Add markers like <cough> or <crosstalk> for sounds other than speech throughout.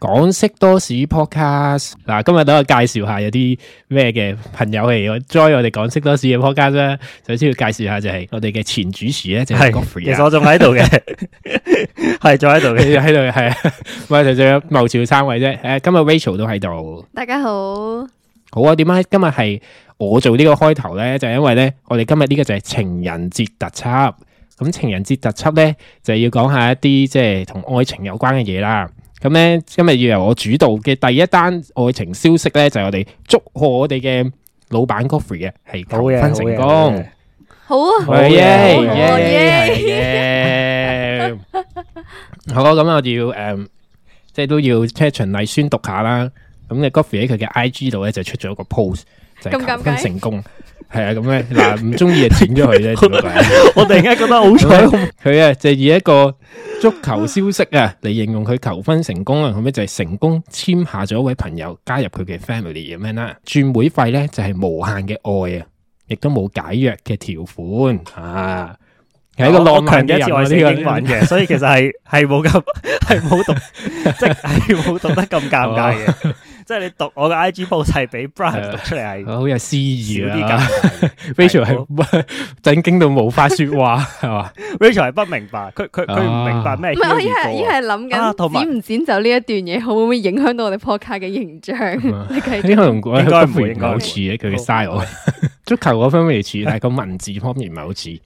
港識多史 podcast 嗱、啊，今日等我介紹下有啲咩嘅朋友嚟，我 join 我哋港識多史嘅 podcast 啦。首先要介紹下就係我哋嘅前主持咧，是就係 Godfrey 其實我仲喺度嘅，係仲喺度嘅，喺度嘅，係，咪就仲有謀朝篡位啫。誒、啊，今日 Rachel 都喺度，大家好，好啊。點解今日係我做呢個開頭咧？就係、是、因為咧，我哋今日呢個就係情人節特輯，咁情人節特輯咧就是、要講下一啲即係同愛情有關嘅嘢啦。咁咧，今日要由我主導嘅第一單愛情消息咧，就係我哋祝賀我哋嘅老闆 Godfrey 嘅係求婚成功。好啊！好耶！好耶！好啊！咁我哋要誒，即係都要 Rachel 黎宣讀下啦。咁嘅 Godfrey 喺佢嘅 IG 度咧就出咗個 post，就求婚成功。係啊，咁咧嗱，唔中意就剪咗佢啫。我突然間覺得好彩，佢啊就以一個足球消息啊嚟形容佢求婚成功啊，後尾就係成功簽下咗一位朋友加入佢嘅 family，咁樣啦。轉會費咧就係無限嘅愛啊，亦都冇解約嘅條款啊。係一個浪強嘅字，我寫英文嘅，所以其實係係冇咁係冇讀，即係冇讀得咁尷尬嘅。即係你讀我嘅 I G post 係俾 Brian 讀出嚟係，好有詩意。而家 Rachel 係震驚到冇法說話，係嘛？Rachel 係不明白，佢佢佢唔明白咩？唔係我而家而家諗緊剪唔剪走呢一段嘢，會唔會影響到我哋 podcast 嘅形象？呢個應該唔會嘅，佢嘅 style 足球嗰方面似，但係個文字方面唔好似。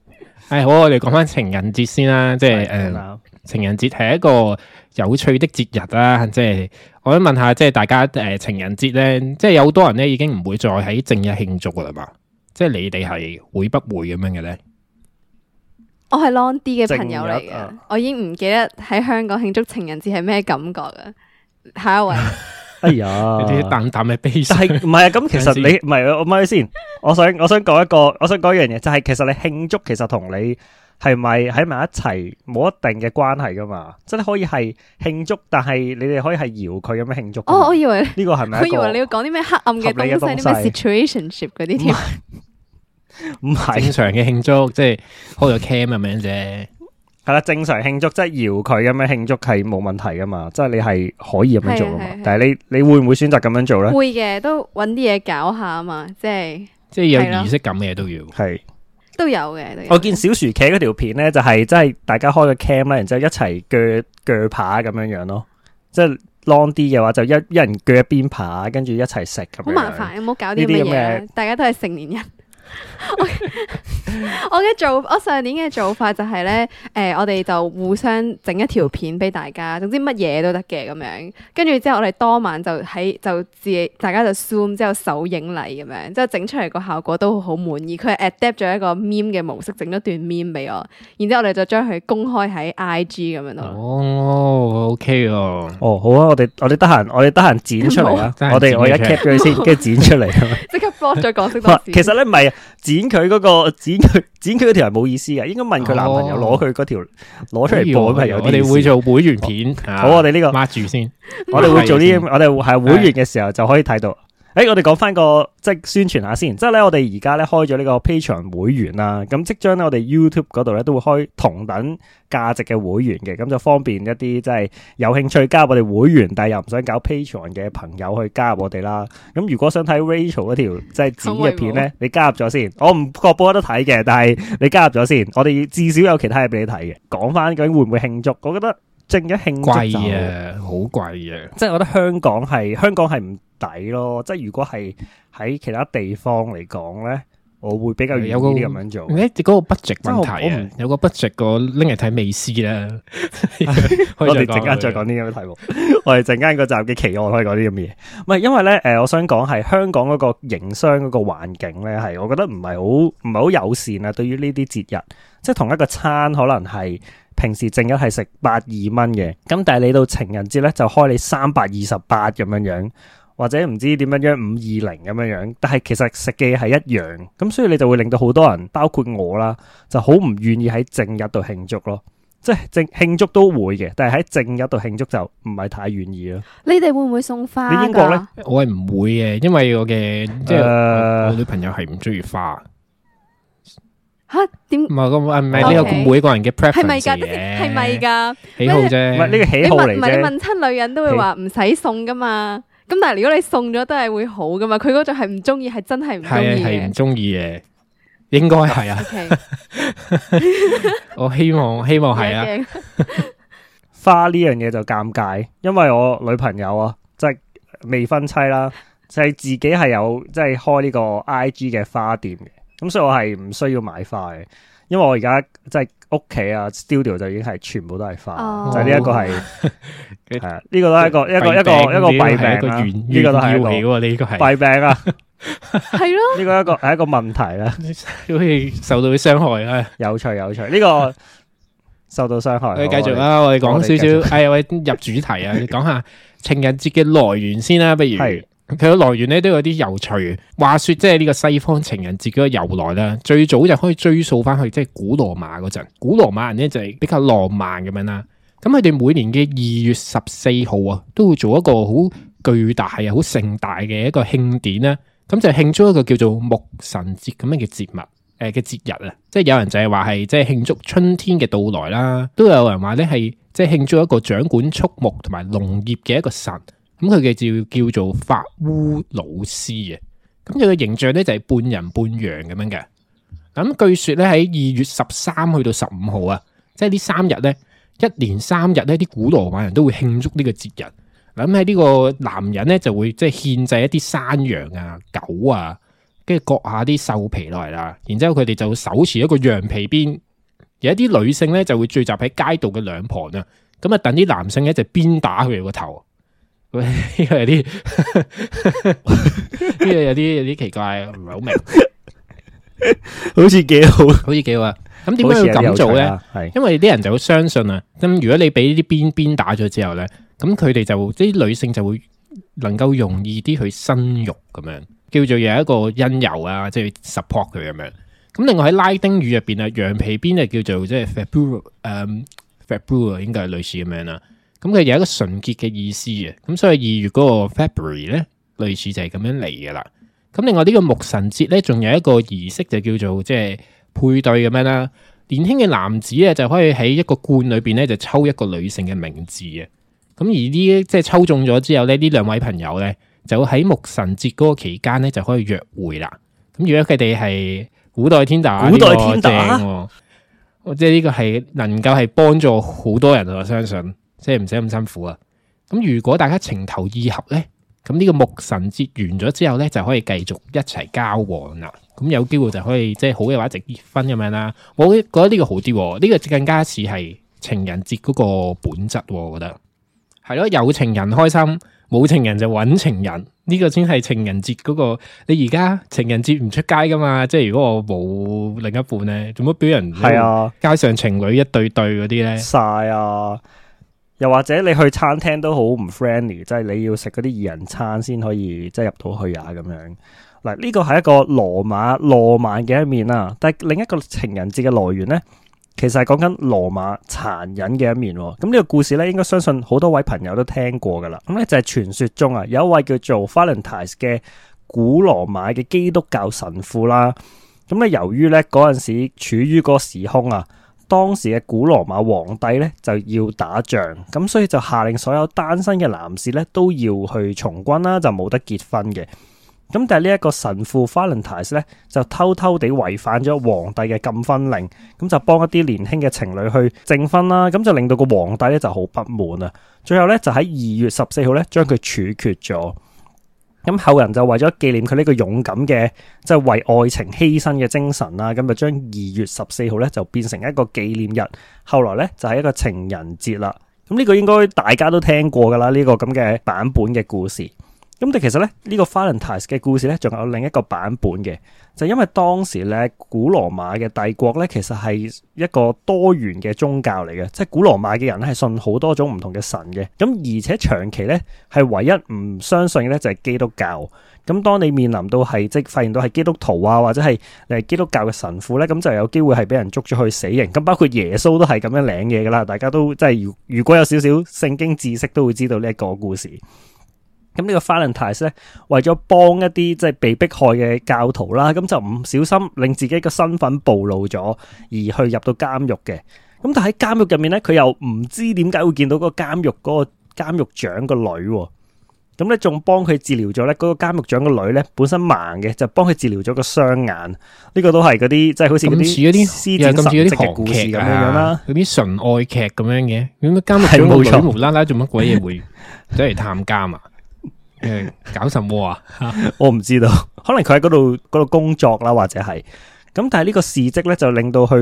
誒、哎，好，我哋講翻情人節先啦、啊，即係誒、呃，情人節係一個有趣的節日啦、啊，即係我想問下，即係大家誒、呃，情人節咧，即係有好多人咧已經唔會再喺正日慶祝噶啦嘛，即係你哋係會不會咁樣嘅咧？我係 long 啲嘅朋友嚟嘅。啊、我已經唔記得喺香港慶祝情人節係咩感覺噶，下一位。 <laughs> 哎呀，你啲淡淡嘅悲傷。唔係啊，咁其實你唔係，我咪先。我想我想講一個，我想講一樣嘢，就係、是、其實你慶祝其實同你係咪喺埋一齊冇一定嘅關係噶嘛。即係可以係慶祝，但係你哋可以係遙距咁樣慶祝。哦，我以為呢個係咪？我以為你要講啲咩黑暗嘅東西，啲咩 situationship 嗰啲添。唔係 <laughs> 正常嘅慶祝，即係好有 cam 咁樣啫。係啦，正常慶祝，即係搖佢咁樣慶祝係冇問題噶嘛，即係你係可以咁樣做噶嘛。但係你你會唔會選擇咁樣做咧？會嘅，都搵啲嘢搞下啊嘛，即係即係有儀式感嘅嘢都要係的都有嘅。有我見小薯茄嗰條片咧，就係、是、即係大家開個 cam 咧，然之後一齊鋸鋸扒咁樣樣咯。即係 long 啲嘅話，就一一人鋸一邊扒，跟住一齊食咁樣。好麻煩，有冇搞啲咩嘢？大家都係成年人。 <laughs> <laughs> 我嘅做法，我上年嘅做法就係、是、呢。誒、呃，我哋就互相整一條片俾大家，總之乜嘢都得嘅咁樣，跟住之後我哋當晚就喺就自己大家就 zoom 之後首映禮咁樣，之後整出嚟個效果都好滿意，佢 adapt 咗一個 meme 嘅模式，整咗段 meme 俾我，然之後我哋就將佢公開喺 IG 咁樣咯。Okay 哦，OK 啊，哦好啊，我哋我哋得閒我哋得閒剪出嚟啊，我哋我而家 cut 咗佢先，跟住剪出嚟，即刻 blog 再講先。其實呢，唔係。 <laughs> 剪佢嗰個，剪佢剪佢嗰條係冇意思嘅，應該問佢男朋友攞佢嗰條攞出嚟播，哦，係有啲。你、嗯、哋好、嗯、會做、嗯、會員片，好，我哋呢個，抹住先。我哋會做啲，我哋係會員嘅時候就可以睇到。誒、欸，我哋講翻個即係宣傳下先，即係咧我哋而家咧開咗呢個 Patreon 會員啦，咁即將咧我哋 YouTube 嗰度咧都會開同等價值嘅會員嘅，咁就方便一啲即係有興趣加入我哋會員，但係又唔想搞 Patreon 嘅朋友去加入我哋啦。咁如果想睇 Rachel 嗰條即係剪嘅片咧，你加入咗先，我唔確保得睇嘅，但係你加入咗先，我哋至少有其他嘢俾你睇嘅。講翻究竟會唔會慶祝？我覺得。正一慶祝就貴嘅，好貴嘅。貴即係我覺得香港係香港係唔抵咯。即係如果係喺其他地方嚟講咧，我會比較有啲咁樣做。誒、嗯，嗰個 budget、那個，問題有個 budget <laughs> <laughs> 個拎嚟睇，未試先啦。我哋陣間再講呢啲題目。 <laughs> 我哋陣間個集嘅奇案可以講啲咁嘅嘢。唔係，因為咧，誒、呃，我想講係香港嗰個營商嗰個環境咧，係我覺得唔係好唔係好友善啊。對於呢啲節日，即係同一個餐可能係。平時正日係食八二蚊嘅，咁但係你到情人節咧就開你三百二十八咁樣樣，或者唔知點樣樣五二零咁樣樣，但係其實食嘅嘢係一樣，咁所以你就會令到好多人，包括我啦，就好唔願意喺正日度慶祝咯，即係正慶祝都會嘅，但係喺正日度慶祝就唔係太願意咯。你哋會唔會送花？你喺英國咧？我係唔會嘅，因為我嘅即係我女朋友係唔中意花。吓點唔係咁啊？唔係呢個每個人嘅 preference 係咪噶喜好啫是？唔係呢個喜好啫。你問唔係你問親女人都會話唔使送噶嘛？咁是但係如果你送咗都係會好噶嘛？佢嗰種係唔中意，係真係唔中意嘅。係係唔中意嘅，應該係啊。Okay. <laughs> 我希望希望係啊。 <laughs> 花呢樣嘢就尷尬，因為我女朋友啊，即係未婚妻啦，就係自己係有即係開呢個 I G 嘅花店咁所以我係唔需要買花嘅，因為我而家即係屋企啊，studio 就已經係全部都係花，就呢一個係係啊，呢個都係一個一個一個一個弊病啊，呢個都係弊病啊，弊病啊，係咯，呢個一個係一個問題啦，可以受到啲傷害啊，有趣有趣，呢個受到傷害，我哋繼續啦，我哋講少少，哎呀喂，入主題啊，講下情人節嘅來源先啦，不如。佢嘅來源咧都有啲有趣。話說即係呢個西方情人節嘅由來啦，最早就可以追溯翻去即係、就是、古羅馬嗰陣。古羅馬人咧就係、是、比較浪漫咁樣啦。咁佢哋每年嘅二月十四號啊，都會做一個好巨大啊、好盛大嘅一個慶典啦。咁就慶祝一個叫做牧神節咁樣嘅節、呃、日，誒嘅節日啊。即係有人就係話係即係慶祝春天嘅到來啦。都有人話咧係即係慶祝一個掌管畜牧同埋農業嘅一個神。咁佢嘅叫叫做法烏魯斯啊，咁佢嘅形象咧就係半人半羊咁樣嘅。咁據說咧喺二月十三去到十五號啊，即係呢三日咧，一連三日呢啲古羅馬人都會慶祝呢個節日。咁喺呢個男人咧就會即係獻祭一啲山羊啊、狗啊，跟住割下啲獸皮落嚟啦，然之後佢哋就會手持一個羊皮鞭，有一啲女性咧就會聚集喺街道嘅兩旁啊，咁啊等啲男性咧就鞭打佢哋個頭。呢個有啲，呢個有啲有啲奇怪，唔係好明。好似幾好，好似幾好啊。咁點解要咁做咧？係因為啲人就好相信啊。咁如果你俾呢啲鞭鞭打咗之後咧，咁佢哋就即啲女性就會能夠容易啲去生育咁樣，叫做有一個因由啊，即係 support 佢咁樣。咁另外喺拉丁語入邊啊，羊皮鞭啊叫做即係 febru，誒、um,，febru 應該係類似嘅名啊。咁佢有一個純潔嘅意思嘅，咁所以二月嗰個 February 咧，類似就係咁樣嚟嘅啦。咁另外呢個牧神節咧，仲有一個儀式就叫做即係配對咁樣啦。年輕嘅男子咧就可以喺一個罐裏邊咧就抽一個女性嘅名字啊。咁而呢即係抽中咗之後咧，呢兩位朋友咧就會喺牧神節嗰個期間咧就可以約會啦。咁如果佢哋係古代天打古代天打，我即係呢個係、哦、能夠係幫助好多人我相信。即係唔使咁辛苦啊！咁如果大家情投意合呢，咁呢個牧神節完咗之後呢，就可以繼續一齊交往啦。咁有機會就可以即係好嘅話一直結婚咁樣啦。我覺得呢個好啲，啊、呢，這個更加似係情人節嗰個本質，啊。我覺得係咯，有情人開心，冇情人就揾情人，呢，這個先係情人節嗰，那個。你而家情人節唔出街噶嘛？即係如果我冇另一半呢，做乜俾人係啊？街上情侶一對對嗰啲呢。晒啊！ <laughs> 又或者你去餐廳都好唔 friendly，即係你要食嗰啲二人餐先可以即係入到去呀，咁樣。嗱，呢個係一個羅馬浪漫嘅一面啦，但係另一個情人節嘅來源呢，其實係講緊羅馬殘忍嘅一面。咁呢個故事呢，應該相信好多位朋友都聽過噶啦。咁呢就係傳說中啊，有一位叫做 Valentius 嘅古羅馬嘅基督教神父啦。咁呢，由於呢嗰陣時處於個時空啊。當時嘅古羅馬皇帝咧就要打仗，咁所以就下令所有單身嘅男士咧都要去從軍啦，就冇得結婚嘅。咁但係呢一個神父 Valentius 咧就偷偷地違反咗皇帝嘅禁婚令，咁就幫一啲年輕嘅情侶去證婚啦，咁就令到個皇帝咧就好不滿啊。最後咧就喺二月十四號咧將佢處決咗。咁後人就為咗紀念佢呢個勇敢嘅，即係為愛情犧牲嘅精神啦，咁就將二月十四號咧就變成一個紀念日。後來咧就係一個情人節啦。咁呢個應該大家都聽過㗎啦，呢個咁嘅版本嘅故事。咁但其實咧呢、這個 Valentinus 嘅故事咧，仲有另一個版本嘅，就因為當時咧古羅馬嘅帝國咧，其實係一個多元嘅宗教嚟嘅，即係古羅馬嘅人咧係信好多種唔同嘅神嘅，咁而且長期咧係唯一唔相信咧就係基督教，咁當你面臨到係即係發現到係基督徒啊或者係誒基督教嘅神父咧，咁就有機會係俾人捉咗去死刑，咁包括耶穌都係咁樣領嘢噶啦大家都即係如如果有少少聖經知識都會知道呢一個故事。咁呢個 Valentine 咧，為咗幫一啲即係被迫害嘅教徒啦，咁就唔小心令自己嘅身份暴露咗，而去入到監獄嘅。咁但喺監獄入面咧，佢又唔知點解會見到嗰個監獄，嗰個監獄長個女喎。咁咧仲幫佢治療咗咧，嗰個監獄長個女咧本身盲嘅，就幫佢治療咗個雙眼。呢個都係嗰啲即係好似嗰啲似嗰啲私隱神劇咁樣啦，嗰啲純愛劇咁樣嘅。咁監獄長個女無啦啦做乜鬼嘢會即係探監啊？搞什麼啊？ <laughs> 我唔知道，可能佢喺嗰度嗰度工作啦，或者係咁。但係呢個事蹟咧，就令到去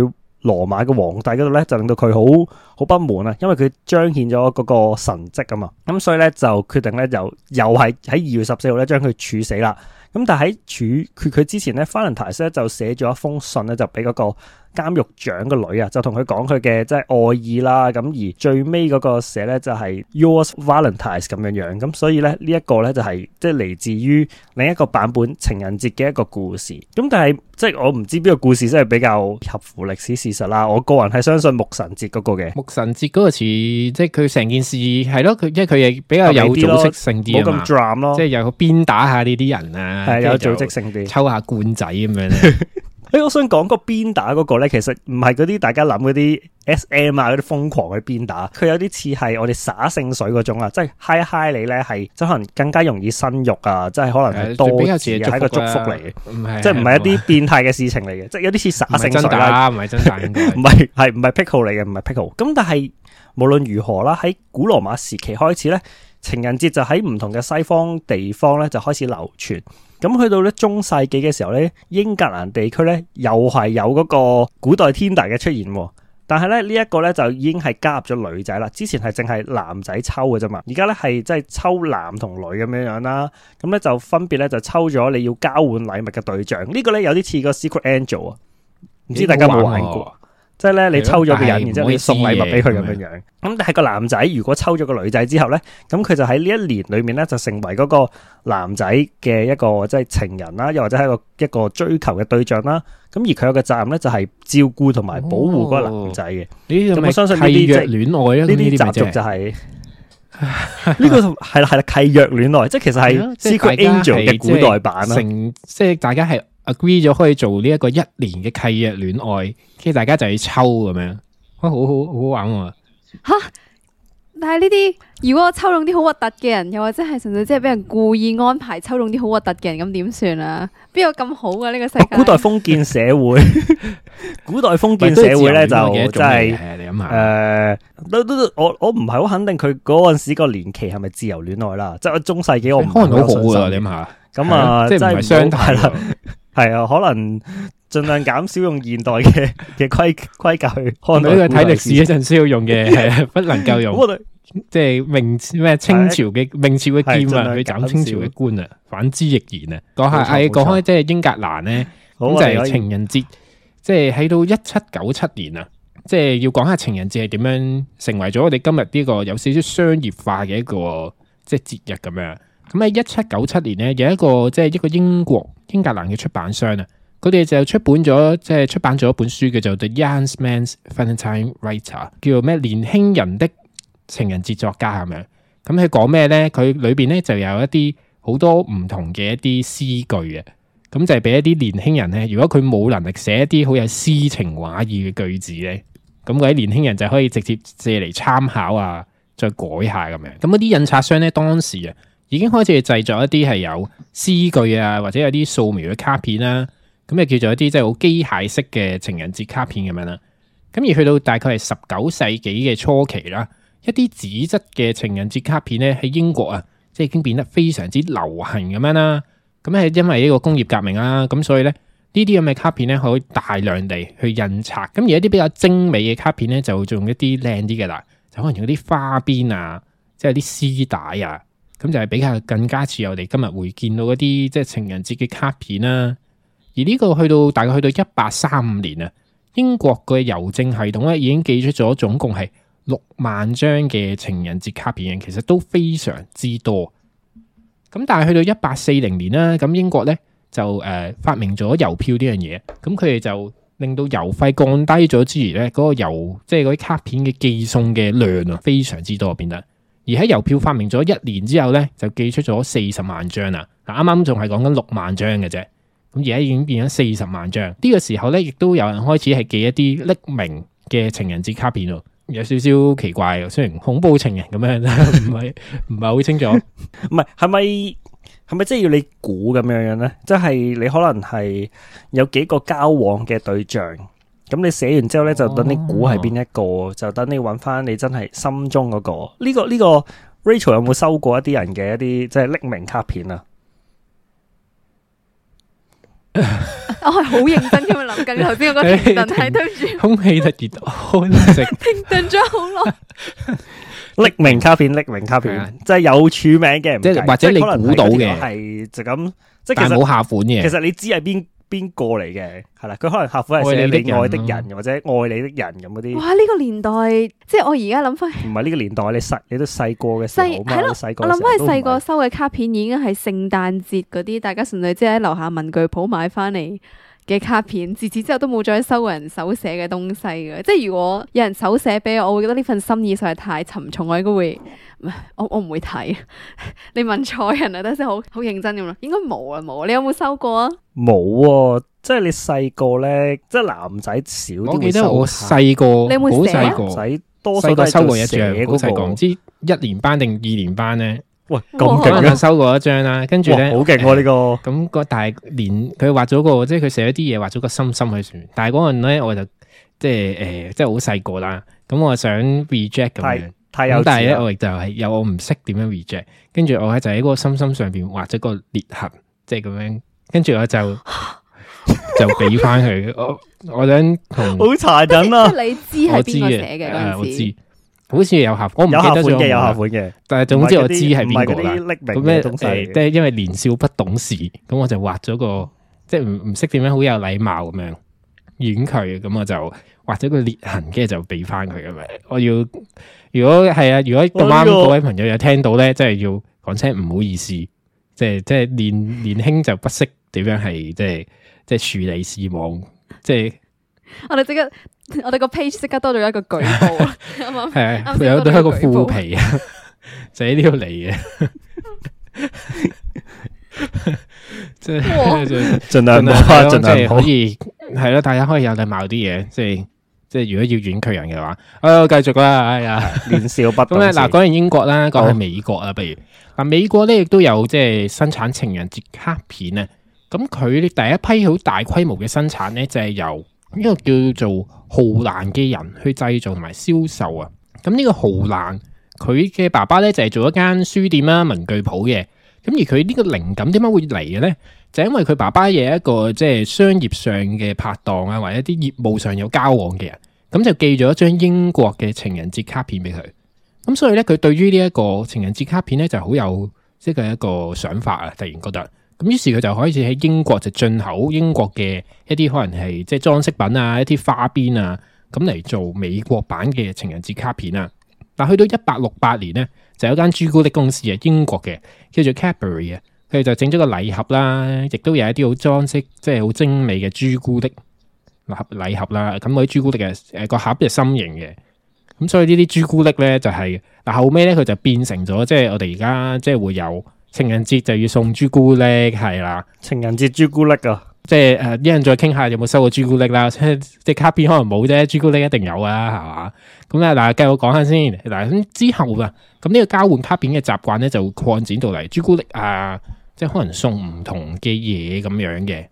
羅馬嘅皇帝嗰度咧，就令到佢好好不滿啊，因為佢彰顯咗嗰個神迹啊嘛。咁所以咧，就決定咧，就又係喺二月十四號咧，將佢處死啦。咁但係喺處決佢之前咧，法蘭泰斯咧就寫咗一封信咧，就俾嗰個。監獄長個女啊，就同佢講佢嘅即係愛意啦。咁而最尾嗰個寫咧就係 Yours Valentine 咁樣樣。咁所以咧呢一個咧就係即係嚟自於另一個版本情人節嘅一個故事。咁但係即係我唔知邊個故事真係比較合乎歷史事實啦。我個人係相信牧神節嗰個嘅。牧神節嗰個詞，即係佢成件事係咯，佢因為佢係比較有組織性啲冇咁「Drum」囉。即係又鞭打下呢啲人啊，係有組織性啲，抽下罐仔咁樣 <laughs> 誒、哎，我想講、嗰個鞭打嗰個咧，其實唔係嗰啲大家諗嗰啲 S.M. 啊，嗰啲瘋狂去鞭打，佢有啲似係我哋灑聖水嗰種啊，即係嗨嗨你呢」你咧係，即可能更加容易生育啊，即係可能係多子嘅，啊啊、一個祝福嚟嘅。是即係唔係一啲變態嘅事情嚟嘅，即係有啲似灑聖水啦，唔係真打，唔係係唔係 pickle 嚟嘅，唔係 pickle。咁但係無論如何啦，喺古羅馬時期開始咧，情人節就喺唔同嘅西方地方咧就開始流傳。咁去到咧中世紀嘅時候咧，英格蘭地區咧又係有嗰個古代天大嘅出現，但係咧呢一個咧就已經係加入咗女仔啦。之前係淨係男仔抽嘅啫嘛，而家咧係即係抽男同女咁樣樣啦。咁咧就分別咧就抽咗你要交換禮物嘅對象。呢個咧有啲似個 Secret Angel 啊，唔知大家有冇玩過？即係咧，你抽咗個人，然之後你送禮物俾佢咁樣樣。咁但係個男仔如果抽咗個女仔之後咧，咁佢就喺呢一年裏面咧就成為嗰個男仔嘅一個即係情人啦，又或者係一個一個追求嘅對象啦。咁而佢有個責任咧就係照顧同埋保護嗰個男仔嘅。咁我相信呢啲戀愛呢啲習俗就係呢個係係契約戀愛，即係其實係 secret angel 嘅古代版啦，即係大家係。agree 咗可以做呢一個一年嘅契約戀愛，其實大家就要抽咁樣、啊，好好好玩喎！吓、啊啊，但係呢啲如果我抽中啲好核突嘅人，又或者係純粹即係俾人故意安排抽中啲好核突嘅人，咁點算啊？邊有咁好嘅呢個世界？古代封建社會，古代封建社會咧就即係你諗下誒，都我我唔係好肯定佢嗰陣時個年期係咪自由戀愛啦？即、就、係、是、中世紀，我、欸、可能好過、啊、噶，你諗下。咁、嗯、啊，即係唔係雙態啦。 <laughs> 係啊，可能盡量減少用現代嘅嘅規規矩去， <laughs> 可能喺睇歷史嗰陣需要用嘅，係 <laughs> 不能夠用。即係明咩清朝嘅明 <laughs> 朝嘅官啊去斬清朝嘅官啊，反之亦然啊。講下喺講開即係英格蘭咧，就係情人節，即係喺到一七九七年啊，即係要講下情人節係點樣成為咗我哋今日呢個有少少商業化嘅一個即係節日咁樣。咁喺一七九七年咧，有一個即係一個英國英格蘭嘅出版商啊，佢哋就出版咗即係出版咗一本書叫做《The Young Man’s Valentine Writer》，叫做咩？年輕人的情人節作家咁樣。咁佢講咩咧？佢裏邊咧就有一啲好多唔同嘅一啲詩句啊。咁就係俾一啲年輕人咧，如果佢冇能力寫一啲好有詩情畫意嘅句子咧，咁嗰啲年輕人就可以直接借嚟參考啊，再改下咁樣。咁嗰啲印刷商咧，當時啊。已經開始製作一啲係有詩句啊，或者有啲素描嘅卡片啦、啊，咁就叫做一啲即係好機械式嘅情人節卡片咁樣啦、啊。咁而去到大概係十九世紀嘅初期啦、啊，一啲紙質嘅情人節卡片咧，喺英國啊，即係已經變得非常之流行咁樣啦、啊。咁係因為呢個工業革命啦、啊，咁所以咧，呢啲咁嘅卡片咧可以大量地去印刷。咁而一啲比較精美嘅卡片咧就會用一啲靚啲嘅啦，就可能用啲花邊啊，即係啲絲帶啊。咁就係比較更加似我哋今日會見到嗰啲即係情人節嘅卡片啦。而呢個去到大概去到一八三五年啊，英國嘅郵政系統咧已經寄出咗總共係六萬張嘅情人節卡片，其實都非常之多。咁但係去到一八四零年啦，咁英國咧就誒、呃、發明咗郵票呢樣嘢，咁佢哋就令到郵費降低咗之餘咧，嗰、嗰個郵即係嗰啲卡片嘅寄送嘅量啊非常之多，變得。而喺郵票發明咗一年之後咧，就寄出咗四十萬張啦。嗱，啱啱仲係講緊六萬張嘅啫，咁而家已經變咗四十萬張。呢個時候咧，亦都有人開始係寄一啲匿名嘅情人節卡片咯，有少少奇怪嘅。雖然恐怖情人咁樣，唔係，唔係好清楚。 <laughs> 唔係，係咪係咪即係要你估咁樣樣咧？即係你可能係有幾個交往嘅對象。咁你寫完之後咧，就等你估係邊一個，就等你揾翻你真係心中嗰個。呢個呢個 Rachel 有冇收過一啲人嘅一啲即係匿名卡片啊？我係好認真咁樣諗緊，後邊有個停頓喺度住，空氣都熱到，停頓咗好耐。匿名卡片，匿名卡片，即係有署名嘅，即係或者你可能估到嘅，係就咁，即係其實冇下款嘅，其實你知係邊。邊個嚟嘅係啦？佢可能客戶係你，你愛的人的，或者愛你的人咁嗰啲。哇！呢個年代，即係我而家諗翻，唔係呢個年代，你細你都細個嘅時候，係咯的？我諗翻細個收嘅卡片，已經係聖誕節嗰啲，大家純粹即係喺樓下文具鋪買翻嚟嘅卡片，自此之後都冇再收過人手寫嘅東西嘅，即係如果有人手寫俾我，我會覺得呢份心意實在太沉重，我應該會唔係，我我唔會睇。 <laughs> 你問錯人啦，等先好好認真咁啦，應該冇啊冇，你有冇收過啊？冇啊，即係你細個咧，即係男仔少啲收。我記得我細個好細個，仔多數都係收過嘢嘅，好細個，唔知一年班定二年班咧。咁勁啊！收過一張啦，跟住咧，好勁喎呢個。咁個、啊呃、大年，佢畫咗個，即係佢寫咗啲嘢，畫咗個心心喺上面。但係嗰陣咧，我就即係誒，即係好細個啦。咁、呃、我想 reject 咁樣，但係咧，我亦就係、是、又我唔識點樣 reject。跟住我喺就喺個心心上邊畫咗個裂痕，即係咁樣。跟住我就 <laughs> 就俾翻佢。我我想同好殘忍啊！你知係邊個寫嘅嗰陣好似有合，我唔記得咗有，有下款嘅，款，但係總之我知係邊個啦。唔係嗰啲即係因為年少不懂事，咁我就畫咗個，即係唔唔識點樣好有禮貌咁樣，遠佢，咁我就畫咗個裂痕，跟住就俾翻佢咁樣。我要，如果係啊，如果咁啱嗰位朋友有聽到咧，即係呦要講聲唔好意思，即係即係年年輕就不識點樣係，即係即係處理事務，即係。我哋即刻。我哋個 page 即刻多咗一個舉報，係、 <laughs> 啊、有對一個腐皮啊，就呢條嚟嘅，即係盡量啊，盡量可以係啦，大家可以有禮貌啲嘢，即係即係如果要遠距人嘅話，誒、哎，繼續啦，哎呀，年少不，咁咧嗱，講完英國啦，講下美國啊，不、哦、如嗱，美國咧亦都有即係生產情人節卡片啊，咁佢第一批好大規模嘅生產咧就係由。呢個叫做浩蘭嘅人去製造同埋銷售啊，咁呢個浩蘭佢嘅爸爸呢就係做一間書店啦、文具鋪嘅，咁而佢呢個靈感點解會嚟嘅呢？就因為佢爸爸有一個即係商業上嘅拍檔啊，或者啲業務上有交往嘅人，咁就寄咗一張英國嘅情人節卡片俾佢，咁所以呢，佢對於呢一個情人節卡片呢，就好有即係一個想法啊，突然覺得。咁於是佢就可以喺英國就進口英國嘅一啲可能係即係裝飾品啊，一啲花邊啊，咁嚟做美國版嘅情人節卡片啊。但去到一八六八年咧，就有間朱古力公司啊，英國嘅叫做 Cadbury 啊，佢就整咗個禮盒啦，亦都有一啲好裝飾，即係好精美嘅朱古力禮盒啦。咁嗰啲朱古力嘅誒個盒就係心形嘅，咁所以呢啲朱古力咧就係、係、嗱後尾咧佢就變成咗即係我哋而家即係會有。情人節就要送朱古力，係啦。情人節朱古力啊，即係誒、呃，一陣再傾下有冇收過朱古力啦。 <laughs> 即係卡片可能冇啫，朱古力一定有啊，係嘛？咁咧嗱，繼、呃、續講下先。嗱、呃、咁之後啊，咁呢個交換卡片嘅習慣咧，就會擴展到嚟朱古力啊、呃，即係可能送唔同嘅嘢咁樣嘅。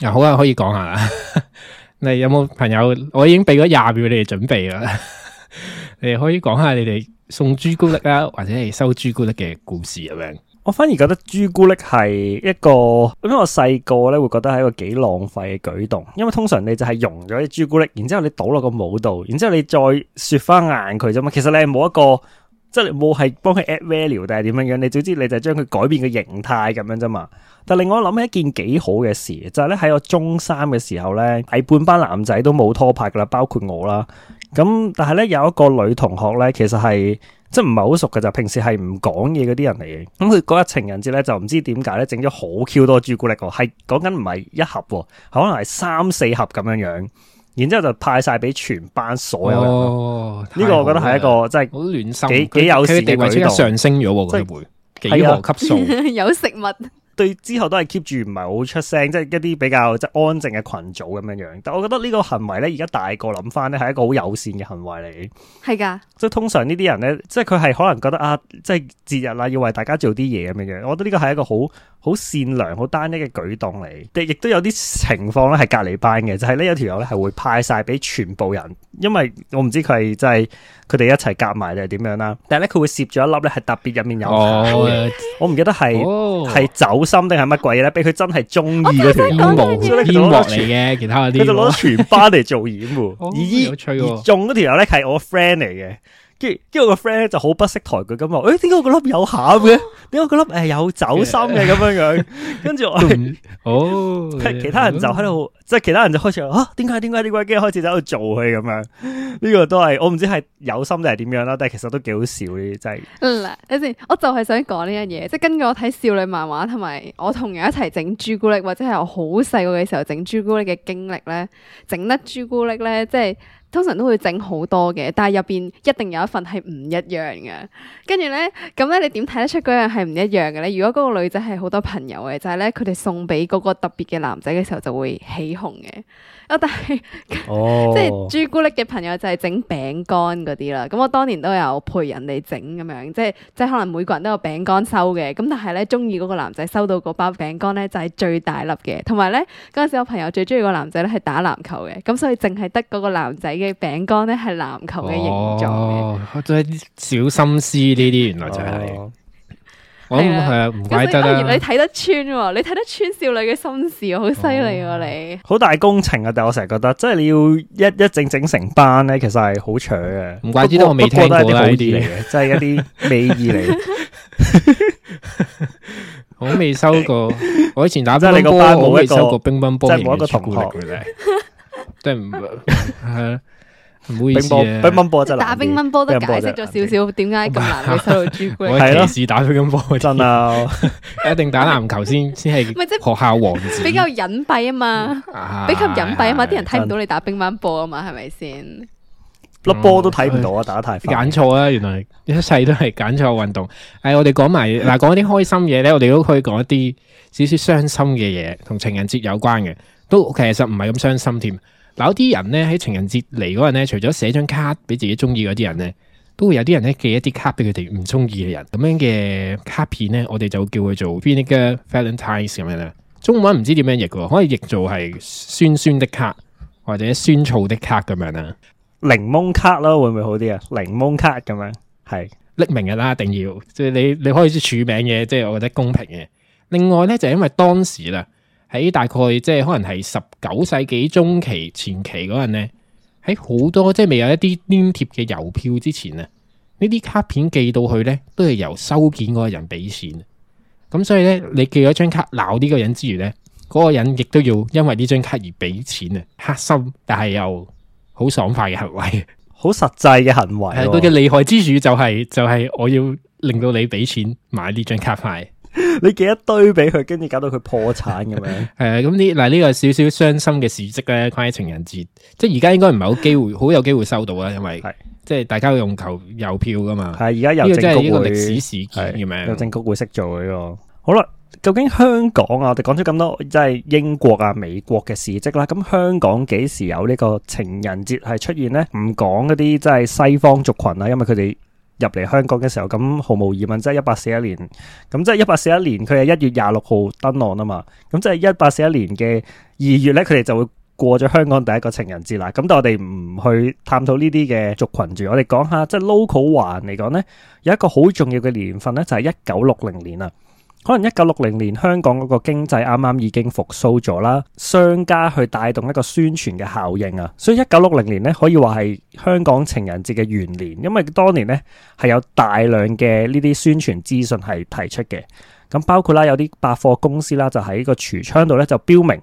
嗱、啊，好啊，可以講下啦。 <laughs> 你有冇朋友？我已經俾咗廿秒你哋準備啦。 <laughs> 你哋可以講下你哋。送朱古力啦、啊，或者係收朱古力嘅故事咁、啊、樣。 <laughs> 我反而覺得朱古力係一個，因為我細個咧會覺得係一個幾浪費嘅舉動，因為通常你就係溶咗啲朱古力，然之後你倒落個模度，然之後你再雪翻硬佢啫嘛。其實你係冇一個，即係你冇係幫佢 add value，定係點樣樣？你總之你就將佢改變個形態咁樣啫嘛。但另外我諗起一件幾好嘅事，就係咧喺我中三嘅時候咧，大半班男仔都冇拖拍噶啦，包括我啦。咁、嗯，但係咧有一個女同學咧，其實係即係唔係好熟嘅，就平時係唔講嘢嗰啲人嚟嘅。咁佢嗰日情人節咧，就唔知點解咧，整咗好 Q 多朱古力喎，係講緊唔係一盒喎，可能係三四盒咁樣樣。然之後就派晒俾全班所有人。哦，呢個我覺得係一個即係幾幾有錢嘅舉動，地位上升咗喎，佢會幾何級數 <laughs> 有食物。對，之後都係 keep 住唔係好出聲，即係一啲比較即係安靜嘅群組咁樣樣。但我覺得呢個行為咧，而家大個諗翻咧，係一個好友善嘅行為嚟。係㗎的，即係通常呢啲人咧，即係佢係可能覺得啊，即係節日啦，要為大家做啲嘢咁樣樣。我覺得呢個係一個好好善良、好單一嘅舉動嚟。亦都有啲情況咧，係隔離班嘅，就係、係、呢有條友咧係會派晒俾全部人，因為我唔知佢係即係佢哋一齊夾埋定係點樣啦。但係咧佢會攝咗一粒咧係特別入面有嘅，oh, 我唔記得係係酒。Oh. 心定係乜鬼咧？俾佢真係中意嗰條友，佢攞落嚟嘅，他其他嗰啲，佢就攞全班嚟做掩護， <laughs> 哦、而而仲嗰條友咧係我 friend 嚟嘅。跟住跟住我個 friend 咧就好不識抬舉咁話，誒，點解我個粒有餡嘅？點解我個粒誒有酒心嘅咁樣樣？跟住 <laughs> 我哦， <laughs> 其他人就喺度，即係其他人就開始話啊，點解點解，跟住開始喺度做佢咁樣？呢個都係我唔知係有心定係點樣啦，但係其實都幾好笑呢啲真係。你先，我就係想講呢樣嘢，即係根據我睇少女漫畫同埋我同人一齊整朱古力，或者係我好細個嘅時候整朱古力嘅經歷咧，整得朱古力咧，即係。通常都會整好多嘅，但係入邊一定有一份係唔一樣嘅。跟住咧，咁咧你點睇得出嗰樣係唔一樣嘅咧？如果嗰個女仔係好多朋友嘅，就係咧佢哋送俾嗰個特別嘅男仔嘅時候就會起鬨嘅。哦，但係即係朱古力嘅朋友就係整餅乾嗰啲啦。咁我當年都有陪人哋整咁樣，即係即係可能每個人都有餅乾收嘅。咁但係咧，中意嗰個男仔收到嗰包餅乾咧就係最大粒嘅。同埋咧嗰陣時，我朋友最中意個男仔咧係打籃球嘅，咁所以淨係得嗰個男仔。嘅餅乾咧係籃球嘅形狀嘅，即係小心思呢啲，原來就係，我諗係啊，唔怪得啦。你睇得穿，你睇得穿少女嘅心事，好犀利喎！你好大工程啊！但我成日覺得，即係你要一一整整成班咧，其實係好長嘅。唔怪之得我未聽過呢啲嚟嘅，即係一啲美意嚟。我未收過，我以前打你班，我未收過乒乓波，即係冇一個同學。對唔係，唔好意思啊！打乒乓波都解釋咗少少，點解咁難你睇到朱冠？我騎士打乒乓波真啊，一定打籃球先先係。唔係即係學校王，比較隱蔽啊嘛，比較隱蔽啊嘛，啲人睇唔到你打乒乓波啊嘛，係咪先？粒波都睇唔到啊！打得太揀錯啊！原來一世都係揀錯運動。誒，我哋講埋嗱，講一啲開心嘢咧，我哋都可以講一啲少少傷心嘅嘢，同情人節有關嘅，都其實唔係咁傷心添。嗱，有啲人咧喺情人節嚟嗰陣咧，除咗寫張卡俾自己中意嗰啲人咧，都會有啲人咧寄一啲卡俾佢哋唔中意嘅人。咁樣嘅卡片咧，我哋就叫佢做 Vinegar Valentines 咁樣啦。中文唔知點樣譯嘅，可以譯做係酸酸的卡或者酸醋的卡咁樣啦。檸檬卡咯，會唔會好啲啊？檸檬卡咁樣係匿是名嘅啦，一定要即係你你可以署名嘅，即係我覺得公平嘅。另外咧就是、因為當時咧。喺大概即係可能係十九世紀中期前期嗰陣呢，喺好多即係未有一啲黏貼嘅郵票之前啊，呢啲卡片寄到去呢，都係由收件嗰個人俾錢。咁所以呢，你寄咗張卡鬧呢個人之餘呢，嗰個人亦都要因為呢張卡而俾錢啊，黑心但係又好爽快嘅行為，好實際嘅行為。佢嘅利害之處就係、就係、我要令到你俾錢買呢張卡牌。你寄一堆俾佢，跟住搞到佢破產咁樣。誒、 <laughs> 嗯，咁呢嗱呢個少少傷心嘅事蹟咧，關於情人節，即係而家應該唔係好機會， <laughs> 好有機會收到啊，因為係 <laughs> 即係大家會用投郵票噶嘛。係而家郵政局即係一個歷史事件咁樣。郵政局會識做嘅喎，這個。好啦，究竟香港啊，我哋講咗咁多即係英國啊、美國嘅事蹟啦，咁香港幾時有呢個情人節係出現咧？唔講嗰啲即係西方族群啊，因為佢哋。入嚟香港嘅時候，咁毫無疑問即係一八四一年。咁即係一八四一年，佢係一月廿六號登岸啊嘛。咁即係一八四一年嘅二月咧，佢哋就會過咗香港第一個情人節啦。咁但我哋唔去探討呢啲嘅族群住，我哋講下即係、就是、local 環嚟講咧，有一個好重要嘅年份咧，就係一九六零年啦。可能一九六零年香港嗰個經濟啱啱已經復甦咗啦，商家去帶動一個宣傳嘅效應啊，所以一九六零年咧可以話係香港情人節嘅元年，因為當年咧係有大量嘅呢啲宣傳資訊係提出嘅，咁包括啦有啲百貨公司啦就喺個櫥窗度咧就標明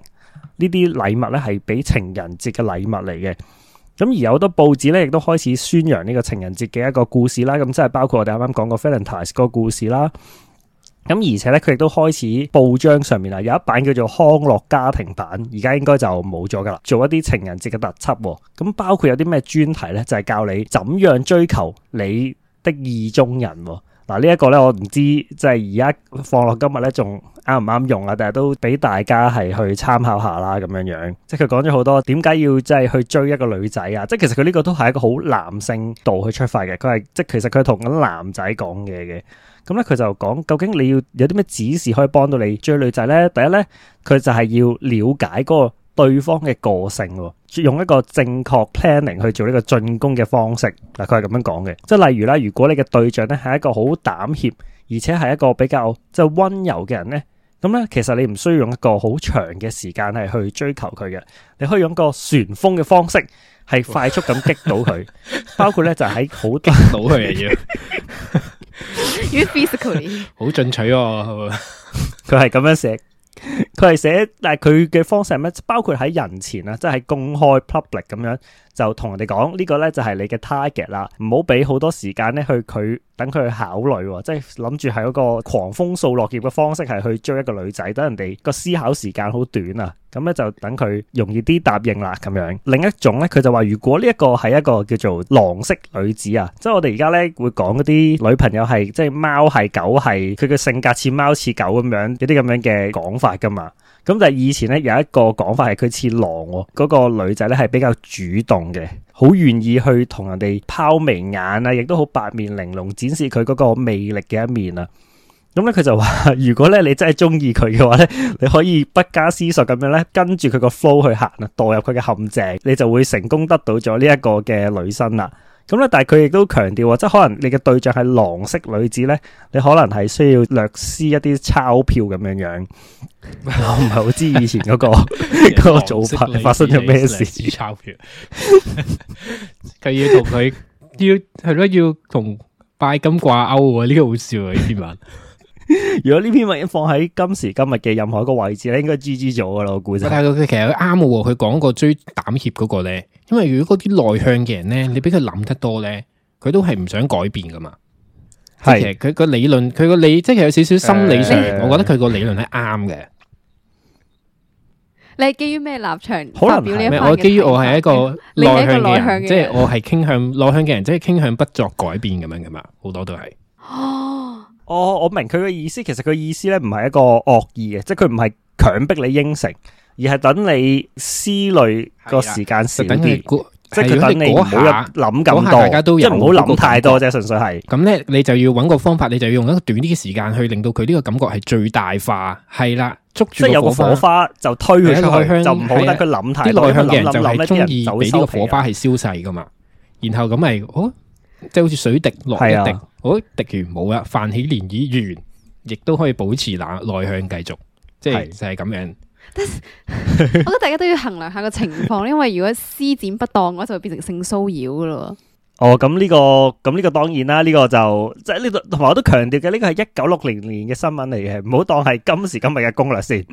呢啲禮物咧係俾情人節嘅禮物嚟嘅，咁而有好多報紙咧亦都開始宣揚呢個情人節嘅一個故事啦，咁即係包括我哋啱啱講個 Valentine 嗰個故事啦。咁而且咧，佢亦都開始報章上面啦，有一版叫做《康樂家庭版》，而家應該就冇咗噶啦，做一啲情人節嘅特輯。咁包括有啲咩專題呢？就係、是、教你怎樣追求你的意中人。嗱、這個，呢一個呢，我唔知即係而家放落今日呢，仲啱唔啱用啦？但係都俾大家係去參考下啦，咁樣樣。即係佢講咗好多點解要即係去追一個女仔啊！即係其實佢呢個都係一個好男性度去出發嘅，佢係即係其實佢同緊男仔講嘢嘅。咁咧佢就講，究竟你要有啲咩指示可以幫到你追女仔呢？第一呢，佢就係要了解嗰個對方嘅個性，用一個正確 planning 去做呢個進攻嘅方式。嗱、啊，佢係咁樣講嘅，即係例如啦，如果你嘅對象呢係一個好膽怯，而且係一個比較即係溫柔嘅人呢，咁呢，其實你唔需要用一個好長嘅時間係去追求佢嘅，你可以用個旋風嘅方式係快速咁擊倒佢， <laughs> 包括呢就喺好打到佢啊要。You physically 好進取哦，佢係咁樣寫，佢係寫，但係佢嘅方式係咩？包括喺人前啊，即係喺公開 public 咁樣。就同人哋講，這個、呢個咧就係、是、你嘅 target 啦，唔好俾好多時間咧去佢等佢去考慮，即係諗住係一個狂風掃落葉嘅方式係去追一個女仔，等人哋個思考時間好短啊，咁咧就等佢容易啲答應啦咁樣。另一種咧，佢就話如果呢一個係一個叫做狼式女子啊，即係我哋而家咧會講嗰啲女朋友係即係貓係狗係佢嘅性格似貓似狗咁樣嗰啲咁樣嘅講法㗎嘛。咁就係以前咧有一個講法係佢似狼喎，嗰個女仔咧係比較主動嘅，好願意去同人哋拋眉眼啊，亦都好八面玲瓏，展示佢嗰個魅力嘅一面啊。咁咧佢就話，如果咧你真係中意佢嘅話咧，你可以不加思索咁樣咧跟住佢個 flow 去行啊，墮入佢嘅陷阱，你就會成功得到咗呢一個嘅女生啦。咁咧，但係佢亦都強調即係可能你嘅對象係狼色女子咧，你可能係需要略施一啲鈔票咁樣樣。 <laughs> 我唔係好知以前嗰、那個嗰 <laughs> <laughs> 個組合發生咗咩事，鈔票佢 <laughs> <laughs> <laughs> 要同佢要係咯，要同拜金掛鈎喎，呢、這個好笑啊！呢段話。 <laughs> <laughs> 如果呢篇文放喺今時今日嘅任何一個位置咧，應該 GG 咗噶啦，我估。但係佢其實啱嘅，佢講過追膽怯嗰、嗰個咧，因為如果嗰啲內向嘅人咧，你俾佢諗得多咧，佢都係唔想改變噶嘛。係是，佢個理論，佢個理，即係有少少心理上，呃、我覺得佢個理論係啱嘅。你係基於咩立場？可能唔係咩？我基於我係一個內向嘅，向即係我係傾向內向嘅人，即係傾向不作改變咁樣噶嘛，好多都係。哦我、哦、我明佢嘅意思，其實佢意思咧唔係一個惡意嘅，即係佢唔係強迫你應承，而係等你思慮個時間少啲，即係等你唔好諗咁多，大家都多即係唔好諗太多，即係純粹係。咁咧，你就要揾個方法，你就要用一個短啲嘅時間去令到佢呢個感覺係最大化，係、嗯、啦，捉住即係有個火花就推佢出去，就唔好等佢諗太多。啲內向嘅人就係中意俾個火花係消逝噶嘛，然後咁咪哦。即係好似水滴落一滴，好是、啊哦、滴完冇啦，泛起漣漪完，亦都可以保持那內向繼續，即係就係咁樣的。 <laughs> 我覺得大家都要衡量下個情況， <laughs> 因為如果施展不當嘅話， <laughs> 就會變成性騷擾噶咯。哦，咁呢、這個咁呢個當然啦，呢、這個就即係呢度，同、就、埋、是這個、我都強調嘅，呢、這個係一九六零年嘅新聞嚟嘅，唔好當係今時今日嘅攻略先。 <laughs>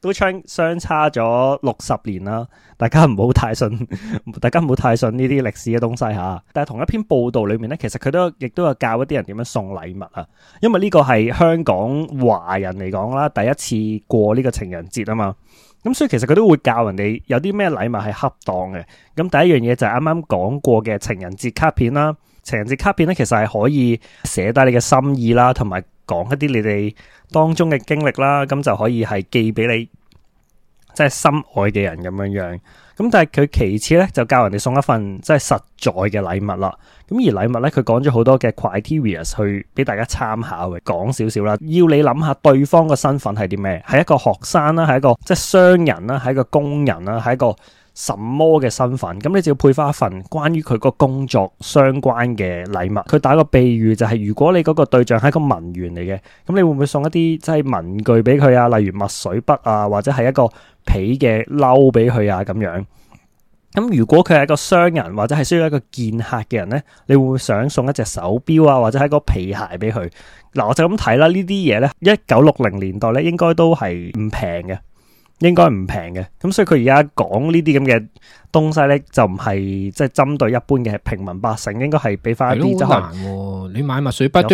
都相差咗六十年啦，大家唔好太信，大家唔好太信呢啲歷史嘅東西吓，啊。但係同一篇報道裏面咧，其實佢都亦都有教一啲人點樣送禮物啊，因為呢個係香港華人嚟講啦，第一次過呢個情人節啊嘛。咁所以其實佢都會教人哋有啲咩禮物係恰當嘅。咁第一樣嘢就係啱啱講過嘅情人節卡片啦，情人節卡片咧其實係可以寫低你嘅心意啦，同埋，講一啲你哋當中嘅經歷啦，咁就可以係寄俾你即係心愛嘅人咁樣樣。咁但係佢其次咧就教人哋送一份即係實在嘅禮物啦。咁而禮物咧佢講咗好多嘅 criteria 去俾大家參考，講少少啦。要你諗下對方嘅身份係啲咩？係一個學生啦，係一個即係商人啦，係一個工人啦，係一個。什麼嘅身份，咁你就要配翻一份關於佢個工作相關嘅禮物。佢打個比喻就係，如果你嗰個對象係一個文員嚟嘅，咁你會唔會送一啲即係文具俾佢啊？例如墨水筆啊，或者係一個皮嘅褸俾佢啊咁樣。咁如果佢係一個商人或者係需要一個見客嘅人呢，你會唔會想送一隻手錶啊，或者係個皮鞋俾佢？嗱，我就咁睇啦，呢啲嘢呢，一九六零年代呢，應該都係唔平嘅。應該唔平嘅，咁所以佢而家講呢啲咁嘅東西咧，就唔係即係針對一般嘅平民百姓，應該係俾翻一啲即係百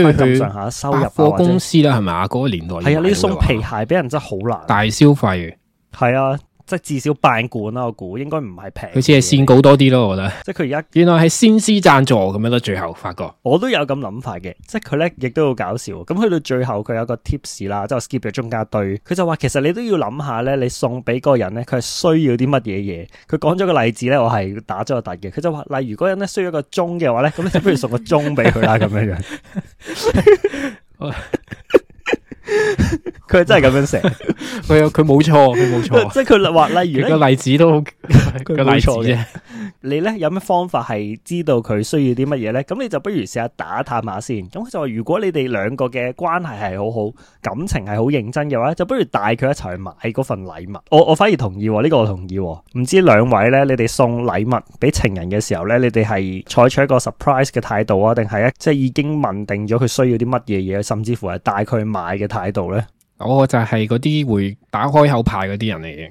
貨公司啦，係咪？嗰個年代係啊，你送皮鞋俾人真係好難，大消費係啊。即係至少辦館啦，我估應該唔係平。佢似係線稿多啲咯，我覺得，即係佢而家原來係先施贊助咁樣咯，最後發覺。我都有咁諗法嘅，即係佢咧亦都好搞笑。咁去到最後佢有個 tips 啦，即係 skip 咗中間堆。佢就話其實你都要諗下咧，你送俾嗰個人咧，佢係需要啲乜嘢嘢。佢講咗個例子咧，我係打咗個突嘅。佢就話，例如嗰人咧需要一個鐘嘅話咧，咁 <laughs> 你不如送個鐘俾佢啦咁樣樣。 <laughs> <laughs> 佢 <laughs> 真係咁樣寫，佢佢冇錯，佢冇錯，即係佢話例如個例子都好，個例子嘅。你呢，有咩方法係知道佢需要啲乜嘢呢？咁你就不如試下打探下先。咁就話如果你哋兩個嘅關係係好好，感情係好認真嘅話，就不如帶佢一齊去買嗰份禮物。我我反而同意呢個，我同意。唔知兩位呢，你哋送禮物俾情人嘅時候呢，你哋係採取一個 surprise 嘅態度啊，定係一即係已經問定咗佢需要啲乜嘢嘢，甚至乎係帶佢去買嘅？度咧，我就係嗰啲會打開口牌嗰啲人嚟嘅，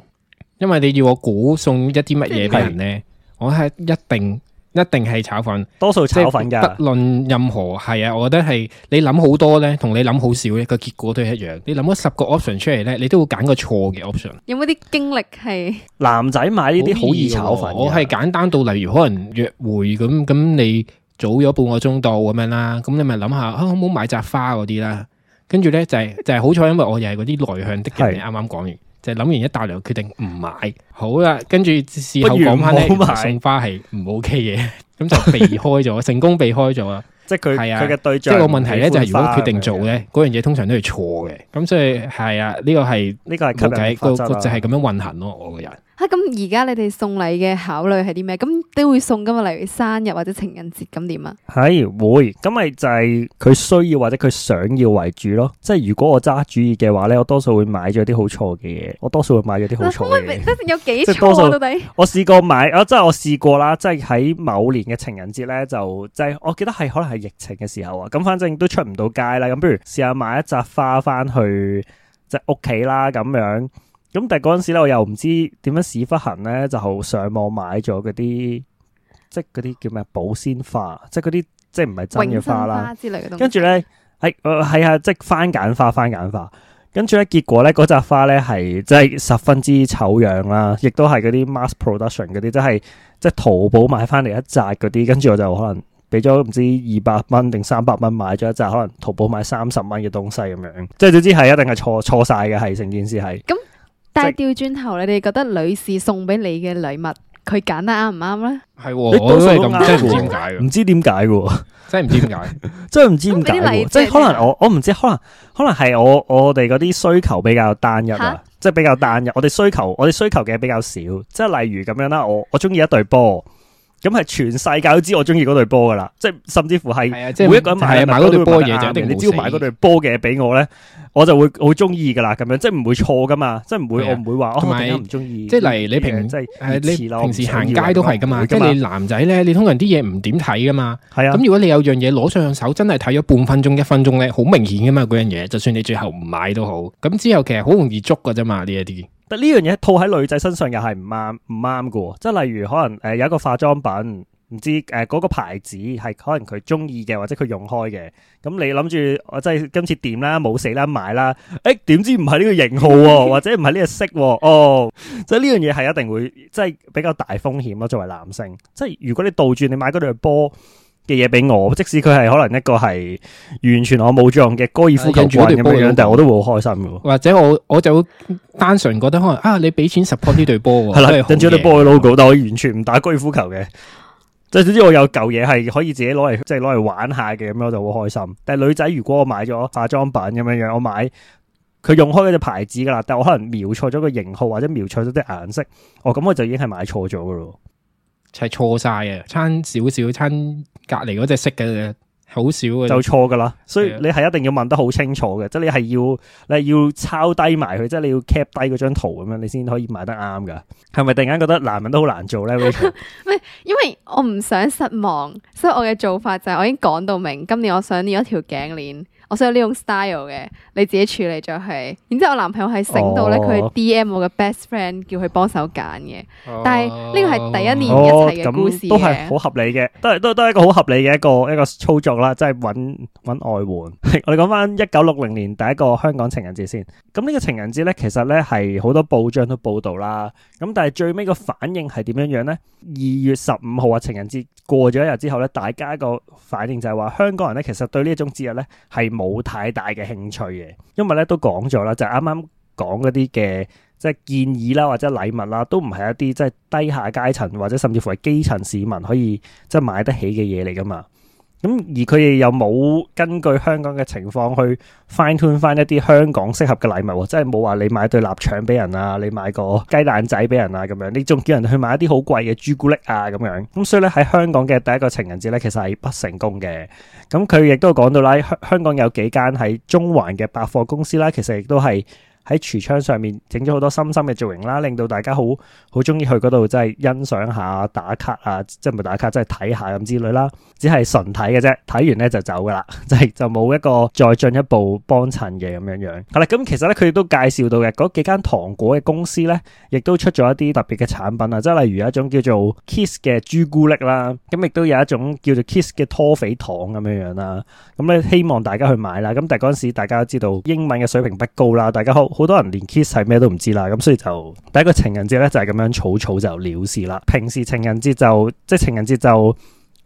因為你要我估送一啲乜嘢俾人咧，我係一定一定係炒粉，多數炒粉噶，不論任何係啊，我覺得係你諗好多咧，同你諗好少咧個結果都係一樣。你諗咗十個 option 出嚟咧，你都會揀個錯嘅 option。有冇啲經歷係男仔買呢啲好易炒粉？我係簡單到例如可能約會咁，咁你早咗半個鐘到咁樣啦，咁你咪諗下啊，可唔好買紮花嗰啲啦？跟住咧就係、是、就係好彩，因為我又係嗰啲內向的人，啱啱講完就諗完一大量，決定唔買。好啦、啊，跟住事後講翻咧，送花係唔 OK 嘅，咁 <laughs> 就避開咗， <laughs> 成功避開咗他啊！即係佢係啊，佢嘅對象。即係個問題咧，就係如果決定做咧，嗰樣嘢通常都係錯嘅。咁所以係啊，呢、這個係呢、嗯這個係冇計，個、啊、就係咁樣運行咯，我個人。吓，咁而家你哋送禮嘅考慮係啲咩？咁都會送噶嘛？例如生日或者情人節咁點啊？係會咁，咪就係佢需要或者佢想要為主咯。即係如果我揸主意嘅話咧，我多數會買咗啲好錯嘅嘢。我多數會買咗啲好錯嘅。嗯嗯嗯嗯，有幾錯、啊、到底？我試過買啊，即係我試過啦。即係喺某年嘅情人節咧，就即係、就是、我記得係可能係疫情嘅時候啊。咁反正都出唔到街啦。咁不如試下買一紮花翻去即係屋企啦，咁樣。咁但係嗰陣時咧，我又唔知點樣屎忽痕咧，就上網買咗嗰啲即係嗰啲叫咩保鮮花，即係嗰啲即係唔係真嘅花啦，花之類嘅，跟住咧係誒係啊，即係番鹼花番鹼花。跟住咧結果咧嗰扎花咧係真係十分之醜樣啦，亦都係嗰啲 mass production 嗰啲，即係即係淘寶買翻嚟一扎嗰啲，跟住我就可能俾咗唔知二百蚊定三百蚊買咗一扎，可能淘寶買三十蚊嘅東西咁樣，即係總之係一定係錯錯晒嘅，係成件事係。但係調轉頭，你哋覺得女士送俾你嘅禮物，佢揀得啱唔啱咧？係、哦，欸、我樣都係咁解嘅，唔知點解嘅，真係唔知點解，真係唔知點解，即係可能我我唔知，可能可能係我我哋嗰啲需求比較單一啊，即係比較單一，我哋需求我哋需求嘅比較少，即係例如咁樣啦，我我中意一對波。咁係全世界都知我中意嗰對波噶啦，即係甚至乎係、啊、每一個人、就是、買買嗰對波嘢，就一定，你只要買嗰對波嘅俾我咧，我就會好中意噶啦，咁樣即係唔會錯噶嘛，即係唔會我唔會話我點解唔中意。即係例如你平、啊、即你平時行街都係噶嘛，即咁你男仔咧，你通常啲嘢唔點睇噶嘛。係啊，咁如果你有樣嘢攞上手，真係睇咗半分鐘、一分鐘咧，好明顯噶嘛嗰樣嘢。就算你最後唔買都好，咁之後其實好容易捉噶啫嘛呢一啲。但呢樣嘢套喺女仔身上又係唔啱唔啱嘅，即係例如可能誒有一個化妝品，唔知誒嗰個牌子係可能佢中意嘅或者佢用開嘅，咁你諗住我即係今次掂啦，冇死啦買啦，誒點知唔係呢個型號喎，或者唔係呢個色喎，哦， <laughs> 即係呢樣嘢係一定會即係比較大風險咯，作為男性，即係如果你倒轉你買嗰對波嘅嘢俾我，即使佢係可能一個係完全我冇作用嘅高爾夫球棍咁樣，但係我都會好開心嘅。或者我我就單純覺得可能啊，你俾錢 support 呢對波，係啦、 <laughs> 啊，支持對波嘅 logo，、嗯、但我完全唔打高爾夫球嘅。即係總之我有舊嘢係可以自己攞嚟，即係攞嚟玩，玩下嘅咁樣，我就好開心。但係女仔如果我買咗化妝品咁樣樣，我買佢用開嗰隻牌子噶啦，但係我可能描錯咗個型號或者描錯咗啲顏色，哦咁我就已經係買錯咗嘅咯，係錯晒啊！差少少，差、嗯。嗯嗯嗯嗯隔籬嗰隻色嘅，好少嘅就錯噶啦，的所以你係一定要問得好清楚嘅，即係你係要你係要抄低埋佢，即係你要 cap 低嗰張圖咁樣，你先可以買得啱噶。係咪突然間覺得男人都好難做咧？喂， <laughs> 因為我唔想失望，所以我嘅做法就係我已經講到明，今年我想要一條頸鏈。我想呢種 style 嘅你自己處理咗係，然之後我男朋友係醒到咧，佢 D.M 我嘅 best friend 叫佢幫手揀嘅。Oh、但係呢個係第一年一齊嘅故事。都係好合理嘅，都係都都係一個好合理嘅一個一個操作啦，即係揾揾外援。 <laughs> 我哋講翻一九六零年第一個香港情人節先。咁呢個情人節咧，其實咧係好多報章都報道啦。咁但係最尾個反應係點樣樣咧？二月十五號啊，情人節過咗一日之後咧，大家一個反應就係話香港人咧，其實對呢一種節日咧係。冇太大嘅興趣嘅，因為咧都講咗啦，就係啱啱講嗰啲嘅即係建議啦，或者禮物啦，都唔係一啲即係低下階層或者甚至乎係基層市民可以即係買得起嘅嘢嚟㗎嘛。咁而佢哋又冇根據香港嘅情況去 fine tune 翻一啲香港適合嘅禮物，即係冇話你買對臘腸俾人啊，你買個雞蛋仔俾人啊咁樣，你仲叫人去買一啲好貴嘅朱古力啊咁樣。咁所以咧喺香港嘅第一個情人節咧，其實係不成功嘅。咁佢亦都講到啦，香香港有幾間喺中環嘅百貨公司啦，其實亦都係。喺櫥窗上面整咗好多深深嘅造型啦，令到大家好好中意去嗰度，真係欣賞下、打卡啊，即係唔係打卡，即係睇下咁之類啦。只係純睇嘅啫，睇完咧就走噶啦， <laughs> 就係就冇一個再進一步幫襯嘅咁樣樣。係啦，咁其實咧佢哋都介紹到嘅嗰幾間糖果嘅公司咧，亦都出咗一啲特別嘅產品啊，即係例如有一種叫做 Kiss 嘅朱古力啦，咁亦都有一種叫做 Kiss 嘅拖肥糖咁樣樣啦。咁咧希望大家去買啦。咁但係嗰陣時大家都知道英文嘅水平不高啦，大家好。好多人連 kiss 係咩都唔知啦，咁所以就第一個情人節咧就係咁樣草草就了事啦。平時情人節就即係情人節就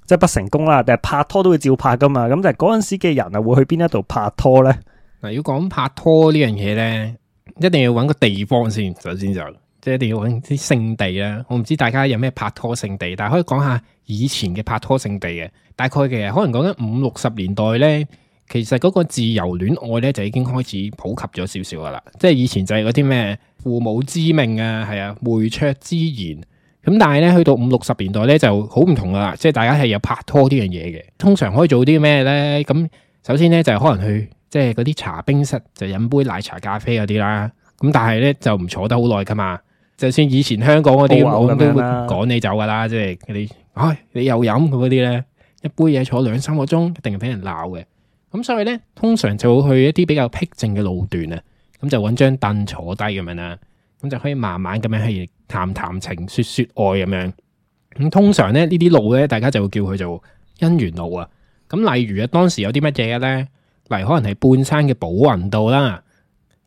即係不成功啦，但係拍拖都會照拍噶嘛。咁就嗰陣時嘅人啊會去邊一度拍拖咧？嗱，要講拍拖呢樣嘢咧，一定要揾個地方先，首先就即係一定要揾啲聖地啊。我唔知大家有咩拍拖聖地，但係可以講下以前嘅拍拖聖地嘅，大概嘅可能講緊五六十年代咧。其實嗰個自由戀愛咧就已經開始普及咗少少噶啦，即係以前就係嗰啲咩父母之命啊，係啊媒妁之言，咁但係咧去到五六十年代咧就好唔同噶啦，即係大家係有拍拖呢樣嘢嘅。通常可以做啲咩咧？咁首先咧就係、可能去即係嗰啲茶冰室就飲杯奶茶咖啡嗰啲啦。咁但係咧就唔坐得好耐噶嘛。就算以前香港嗰啲我咁都會趕你走㗎啦，即係嗰啲唉，你又飲佢嗰啲咧一杯嘢坐兩三個鐘，一定係俾人鬧嘅。咁、嗯、所以咧，通常就會去一啲比較僻靜嘅路段啊，咁、嗯、就搵張凳坐低咁樣啦，咁、嗯、就可以慢慢咁樣去談談情、説説愛咁樣。咁、嗯、通常咧呢啲路咧，大家就會叫佢做姻緣路啊。咁、嗯、例如啊，當時有啲乜嘢嘅咧，例如可能係半山嘅寶雲道啦，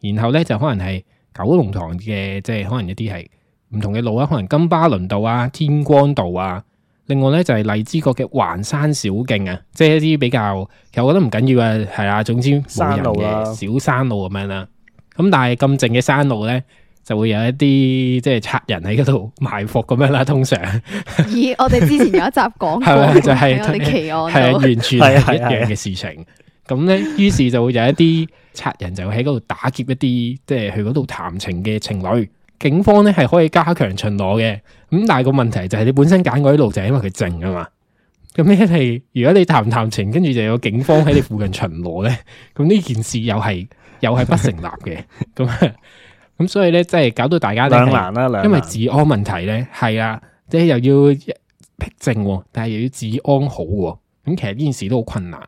然後咧就可能係九龍塘嘅，即係可能一啲係唔同嘅路啊，可能金巴倫道啊、天光道啊。另外咧就係荔枝角嘅環山小徑啊，即、就、係、是、一啲比較，其實我覺得唔緊要啊，係啦，總之山路嘅小山路咁樣啦。咁但係咁靜嘅山路咧，就會有一啲即係賊人喺嗰度埋伏咁樣啦。通常，咦？我哋之前有一集講過， <laughs> 就係、是、 <laughs> 奇案，係完全係一樣嘅事情。咁咧，於是，是就會有一啲賊人就喺嗰度打劫一啲，即係 <laughs> 去嗰度談情嘅情侶。警方咧係可以加強巡邏嘅，咁但係個問題就係你本身揀嗰啲路就係因為佢靜啊嘛，咁咧係如果你談談情，跟住就有警方喺你附近巡邏咧，咁呢 <laughs> 件事又係又係不成立嘅，咁咁 <laughs> 所以咧即係搞到大家兩、就是、難啦、啊，難因為治安問題咧係啊，即、就、係、是、又要僻靜、啊，但係又要治安好、啊，咁、嗯、其實呢件事都好困難，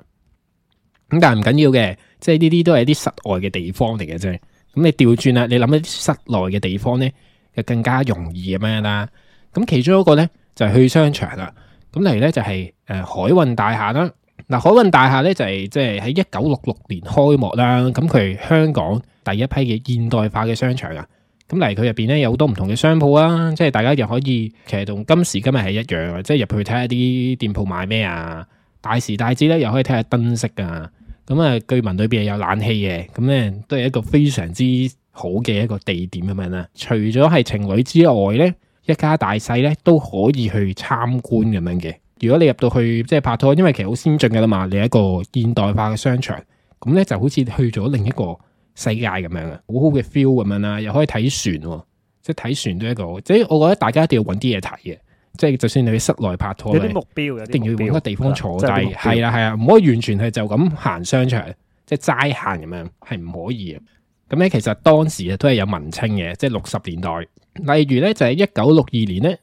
咁但係唔緊要嘅，即係呢啲都係一啲室外嘅地方嚟嘅啫。咁你調轉啦，你諗一啲室內嘅地方呢，就更加容易咁樣啦。咁其中一個呢，就係去商場啦。咁例如呢就係誒海運大廈啦。嗱，海運大廈呢，就係即係喺一九六六年開幕啦。咁佢係香港第一批嘅現代化嘅商場啊。咁嚟佢入邊呢，有好多唔同嘅商鋪啊。即係大家又可以其實同今時今日係一樣嘅，即係入去睇下啲店鋪賣咩啊。大時大節呢，又可以睇下燈飾啊。咁啊，據聞裏邊有冷氣嘅，咁咧都係一個非常之好嘅一個地點咁樣啦。除咗係情侶之外咧，一家大細咧都可以去參觀咁樣嘅。如果你入到去即係拍拖，因為其實好先進噶啦嘛，你一個現代化嘅商場，咁呢就好似去咗另一個世界咁樣嘅，好好嘅 feel 咁樣啦。又可以睇船，即係睇船都係一個，即係我覺得大家一定要揾啲嘢睇嘅。即係，就算你去室內拍拖，有啲目標，目標一定要揾個地方坐低。係啦，係啊，唔可以完全係就咁行商場，即係齋行咁樣係唔可以嘅。咁咧，其實當時啊，都係有文青嘅，即係六十年代。例如咧，就係一九六二年咧，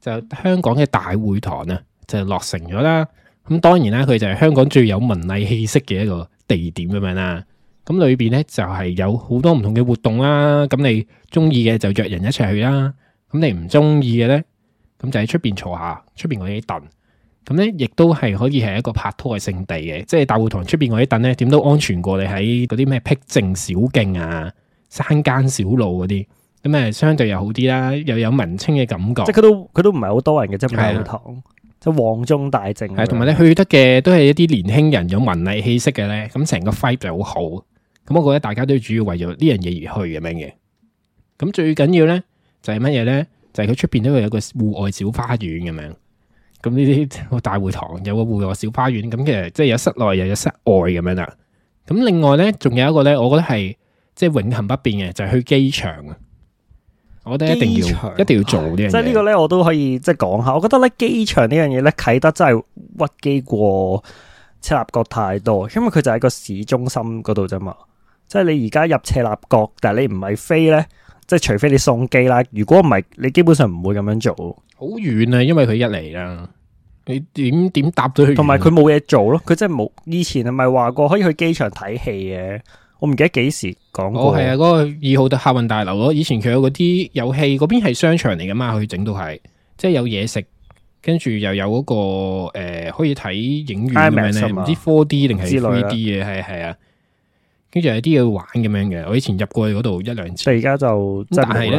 就香港嘅大會堂啊，就落成咗啦。咁當然啦，佢就係香港最有文藝氣息嘅一個地點咁樣啦。咁裏邊咧就係有好多唔同嘅活動啦。咁你中意嘅就約人一齊去啦。咁你唔中意嘅咧？咁就喺出邊坐下，出邊嗰啲凳，咁咧亦都係可以係一個拍拖嘅聖地嘅，即係大會堂出邊嗰啲凳咧，點都安全過你喺嗰啲咩僻靜小徑啊、山間小路嗰啲，咁啊相對又好啲啦，又有文青嘅感覺。即係佢都佢都唔係好多人嘅，即係的大會堂，即係旺中大靜係，同埋咧去得嘅都係一啲年輕人有文藝氣息嘅咧，咁成個 feel 就好好，咁我覺得大家都主要為咗呢樣嘢而去咁樣嘅，咁最緊要咧就係乜嘢咧？但係佢出邊都會有個戶外小花園咁樣，咁呢啲大會堂有個戶外小花園，咁其實即係有室內又有室外咁樣啦。咁另外咧，仲有一個咧，就是，我覺得係即係永恆不變嘅，就係去機場啊。我覺得一定要場一定要做呢樣嘢，即係呢個咧，我都可以即係講下。我覺得咧，機場呢樣嘢咧，啟得真係屈機過赤鱲角太多，因為佢就喺個市中心嗰度啫嘛。即係你而家入赤鱲角，但係你唔係飛咧。即係除非你送機啦，如果唔係，你基本上唔會咁樣做。好遠啊，因為佢一嚟啦，你點點搭咗去？同埋佢冇嘢做咯，佢真係冇。以前係咪話過可以去機場睇戲嘅，我唔記得幾時講過。哦，係啊，嗰、嗰個二號嘅客運大樓咯，以前佢有嗰啲遊戲，嗰邊係商場嚟噶嘛，佢整到係，即係有嘢食，跟住又有嗰、嗰個誒、呃、可以睇影院咁樣唔知 four D 定係 three D 係係啊。跟住有啲要玩咁樣嘅，我以前入過去嗰度一兩次。即係而家就，但係咧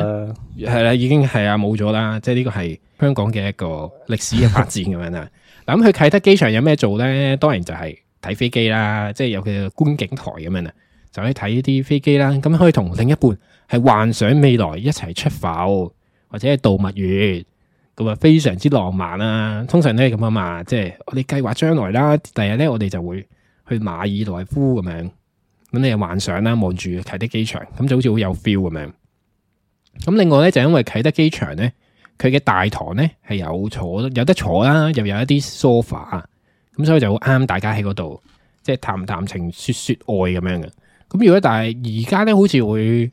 係啦，已經係啊冇咗啦。即係呢個係香港嘅一個歷史嘅發展咁 <laughs> 樣啦。嗱，咁去啟德機場有咩做咧？當然就係睇飛機啦，即係有佢觀景台咁樣啦，就可以睇呢啲飛機啦。咁可以同另一半係幻想未來一齊出埠或者係度蜜月，咁啊非常之浪漫啦。通常都係咁啊嘛，即係我哋計劃將來啦。第日咧我哋就會去馬爾代夫咁樣。咁你又幻想啦，望住啟德機場，咁就好似好有 feel 咁樣。咁另外咧，就因為啟德機場咧，佢嘅大堂咧係有坐，有得坐啦，又有一啲 sofa，咁所以就好啱大家喺嗰度即係談談情說說、説説愛咁樣嘅。咁如果但係而家咧，好似會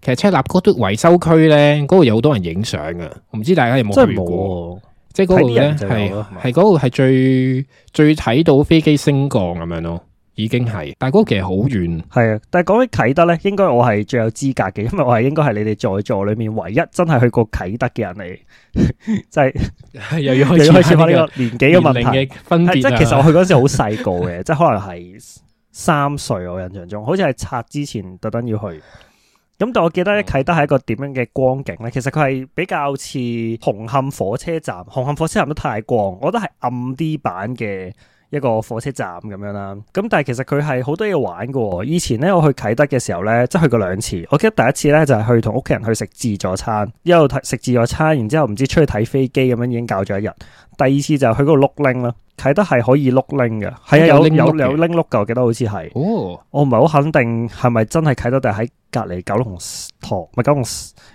其實車立嗰度維修區咧，嗰度有好多人影相㗎，我唔知大家有冇即係冇，即係嗰度咧係係嗰度係最最睇到飛機升降咁樣咯。已經係，但嗰個其實好遠。係啊，但係講起啟德咧，應該我係最有資格嘅，因為我係應該係你哋在座裏面唯一真係去過啟德嘅人嚟。即 <laughs> 係、就是、又要開始翻呢個年紀嘅問題，即係其實我去嗰時好細個嘅，即係 <laughs> 可能係三歲，我印象中，好似係拆之前特登要去。咁但我記得咧，啟德係一個點樣嘅光景咧？其實佢係比較似紅磡火車站，紅磡火車站都太光，我覺得係暗啲版嘅。一個火車站咁樣啦，咁但係其實佢係好多嘢玩噶、哦。以前咧我去啟德嘅時候咧，即係去過兩次。我記得第一次咧就係去同屋企人去食自助餐，一路睇食自助餐，然之後唔知出去睇飛機咁樣已經教咗一日。第二次就去嗰度碌拎啦，啟德係可以碌拎嘅。係啊、嗯、有有有拎碌噶，我記得好似係。哦，我唔係好肯定係咪真係啟德定係喺隔籬九龍塘？唔係九龍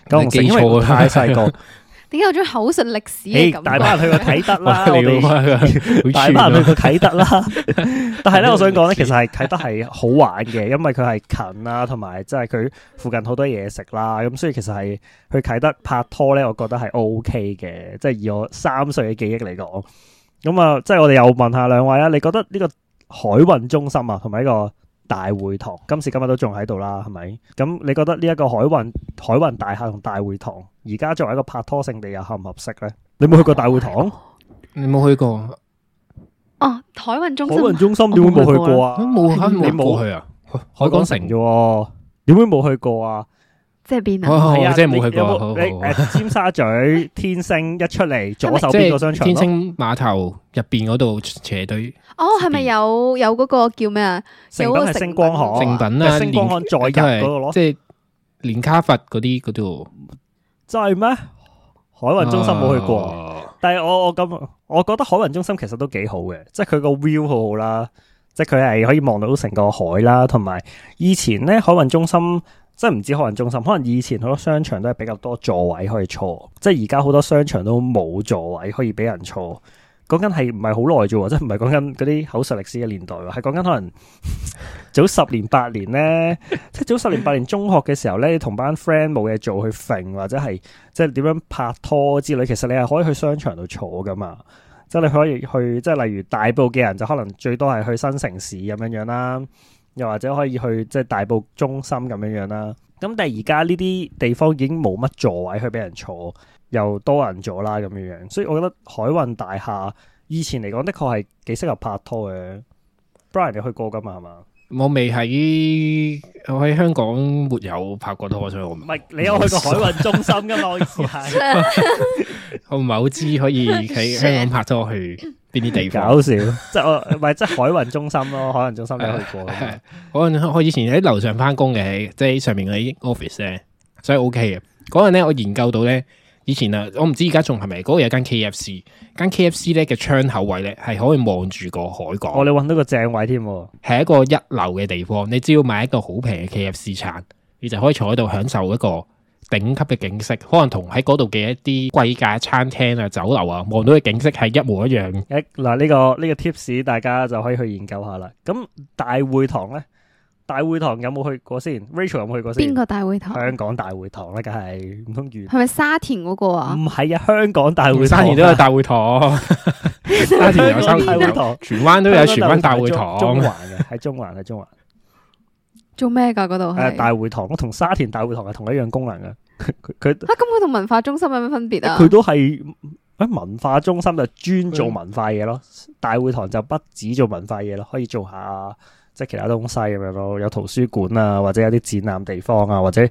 九龍城，太曬啦。 <laughs> 點解有種口述歷史？誒、欸，大班人去過啟德啦， <laughs> 哇我哋大班人去過啟德啦。 <laughs> <laughs> 但係咧呢， <laughs> 我想講咧，其實係啟德係好玩嘅，因為佢係近啦，同埋即係佢附近好多嘢食啦。咁所以其實係去啟德拍拖咧，我覺得係 OK 嘅。即係以我三歲嘅記憶嚟講，咁啊，即係我哋又問下兩位啊，你覺得呢個海運中心啊，同埋呢個？大會堂今時今日都仲喺度啦，係咪？咁你覺得呢一個海運海運大廈同大會堂而家作為一個拍拖勝地又合唔合適呢？你冇去過大會堂？你冇去過？哦，海運中心，海運中心點會冇去過啊？冇去、哦，你冇去啊？海港城啫，點會冇去過啊？即係邊啊？係啊！冇去過，尖沙咀天星一出嚟，左手邊個商場？天星碼頭入邊嗰度斜對。哦，係咪有有嗰個叫咩啊？成品係星光行，成品星光再入嗰度囉。即係連卡佛嗰啲嗰度。真係咩？海運中心冇去過，但係我我咁，我覺得海運中心其實都幾好嘅，即係佢個 view 好好啦，即係佢係可以望到成個海啦，同埋以前咧海運中心。真係唔知可能中心，可能以前好多商場都係比較多座位可以坐，即係而家好多商場都冇座位可以俾人坐。講緊係唔係好耐啫，即係唔係講緊嗰啲口述歷史嘅年代，係講緊可能早十年八年呢。 <laughs> 即係早十年八年中學嘅時候呢，你同班 friend 冇嘢做去揈或者係即係點樣拍拖之類，其實你係可以去商場度坐噶嘛，即係你可以去，即係例如大埔嘅人就可能最多係去新城市咁樣樣啦。又或者可以去即係、就是、大埔中心咁樣樣啦，咁但係而家呢啲地方已經冇乜座位去俾人坐，又多人坐啦咁樣樣，所以我覺得海運大廈以前嚟講的確係幾適合拍拖嘅。Brian 你去過㗎嘛係嘛？我未喺，我喺香港沒有拍過拖，所以我唔係。你有去過海運中心㗎嘛？我唔係好知可以喺香港拍拖去邊啲地方？搞笑，即係我唔係即係海運中心咯，海運中心你去過嘅，嗰陣我以前喺樓上翻工嘅，即係上面嗰啲 office 咧，所以 OK 嘅。嗰陣咧，我研究到咧。以前啊，我唔知而家仲係咪嗰度有間 K F C，間 K F C 咧，嘅窗口位咧，係可以望住個海港。哦，你揾到個正位添，係一個一流嘅地方。你只要買一個好平嘅 K F C 餐，你就可以坐喺度享受一個頂級嘅景色，可能同喺嗰度嘅一啲貴價餐廳啊、酒樓啊，望到嘅景色係一模一樣。一嗱呢個呢個 tips，大家就可以去研究下啦。咁大會堂咧？大會堂有冇去過先？Rachel 有冇去過先？邊個大會堂？香港大會堂咧，梗係唔通粵？係咪沙田嗰個啊？唔係啊，香港大會堂。沙田都有大會堂，沙田有沙田大會堂，荃灣都有荃灣大會堂，中環嘅喺中環，喺中環。做咩噶嗰度？係大會堂，我同沙田大會堂係同一樣功能嘅。佢佢啊，咁佢同文化中心有咩分別啊？佢都係喺文化中心就專做文化嘢咯，大會堂就不止做文化嘢咯，可以做下。即係其他東西咁樣咯，有圖書館啊，或者有啲展覽地方啊，或者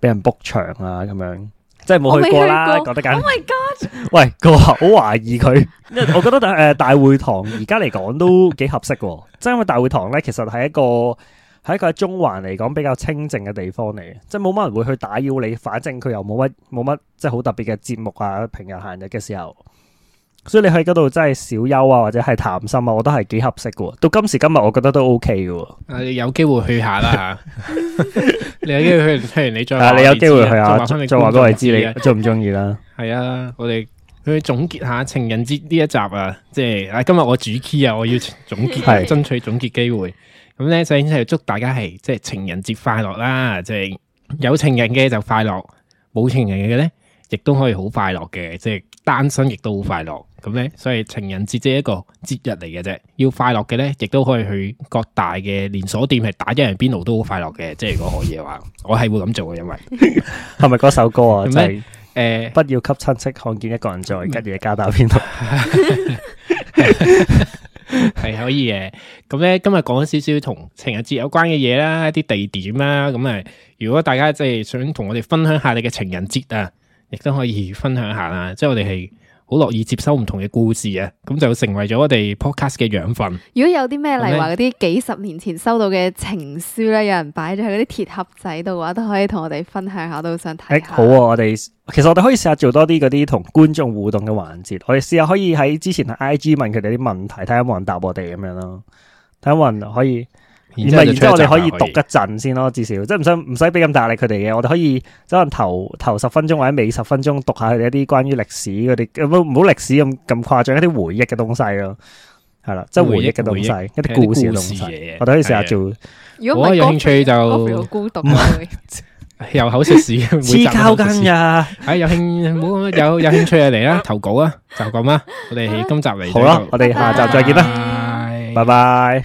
俾人 book 場啊咁樣，即係冇去過啦。覺得梗係。Oh my god！喂，佢話好懷疑佢，因為 <laughs> 我覺得誒大會堂而家嚟講都幾合適嘅， <laughs> 即係因為大會堂咧，其實係一個喺一個喺中環嚟講比較清靜嘅地方嚟，即係冇乜人會去打擾你。反正佢又冇乜冇乜，即係好特別嘅節目啊。平日閒日嘅時候。所以你喺嗰度真係小休啊，或者係談心啊，我都係幾合適嘅、啊。到今時今日，我覺得都 O K 嘅。你有機會去下啦吓。你有機會去，譬如你再，啊，你有機會去下，再話俾、啊、我知你中唔中意啦。係 <laughs> 啊，我哋去總結下情人節呢一集啊。即係啊，今日我主 key 啊，我要總結， <laughs> 爭取總結機會。咁咧 <laughs> 就先、是、係祝大家係即係情人節快樂啦。即、就、係、是、有情人嘅就快樂，冇情人嘅咧，亦都可以好快樂嘅。即係。單身亦都好快樂，咁咧，所以情人節即係一個節日嚟嘅啫，要快樂嘅咧，亦都可以去各大嘅連鎖店係打一人邊爐都好快樂嘅，即係如果可以嘅話，我係會咁做嘅，因為係咪嗰首歌啊，即係誒，不要給親戚看見一個人在吉野家打邊爐，係 <laughs> <laughs> 可以嘅。咁咧今日講少少同情人節有關嘅嘢，啦，一啲地點啦，咁啊，如果大家即係想同我哋分享下你嘅情人節啊。亦都可以分享下啦，即係我哋係好樂意接收唔同嘅故事啊，咁就成為咗我哋 podcast 嘅養分。如果有啲咩，例如話嗰啲幾十年前收到嘅情書咧，有人擺咗喺嗰啲鐵盒仔度嘅話，都可以同我哋分享下，都想睇下。欸，好啊，我哋其實我哋可以試下做多啲嗰啲同觀眾互動嘅環節，我哋試下可以喺之前 IG 問佢哋啲問題，睇下有冇人答我哋咁樣咯，睇下有冇人可以。而唔係，即係我哋可以讀一陣先咯，至少即係唔使唔使俾咁大壓力佢哋嘅，我哋可以可能頭頭十分鐘或者尾十分鐘讀下佢哋一啲關於歷史嗰啲唔好唔好歷史咁咁誇張一啲回憶嘅東西咯。係啦，即係回憶嘅東西，一啲故事嘅東西，我哋可以試下做。如果唔係有興趣就孤獨，唔係又口食屎，黐鳩筋呀！啊，有興冇有有興趣嚟啊？投稿啊，就咁啦。我哋喺今集嚟，好啦，我哋下集再見啦，拜拜。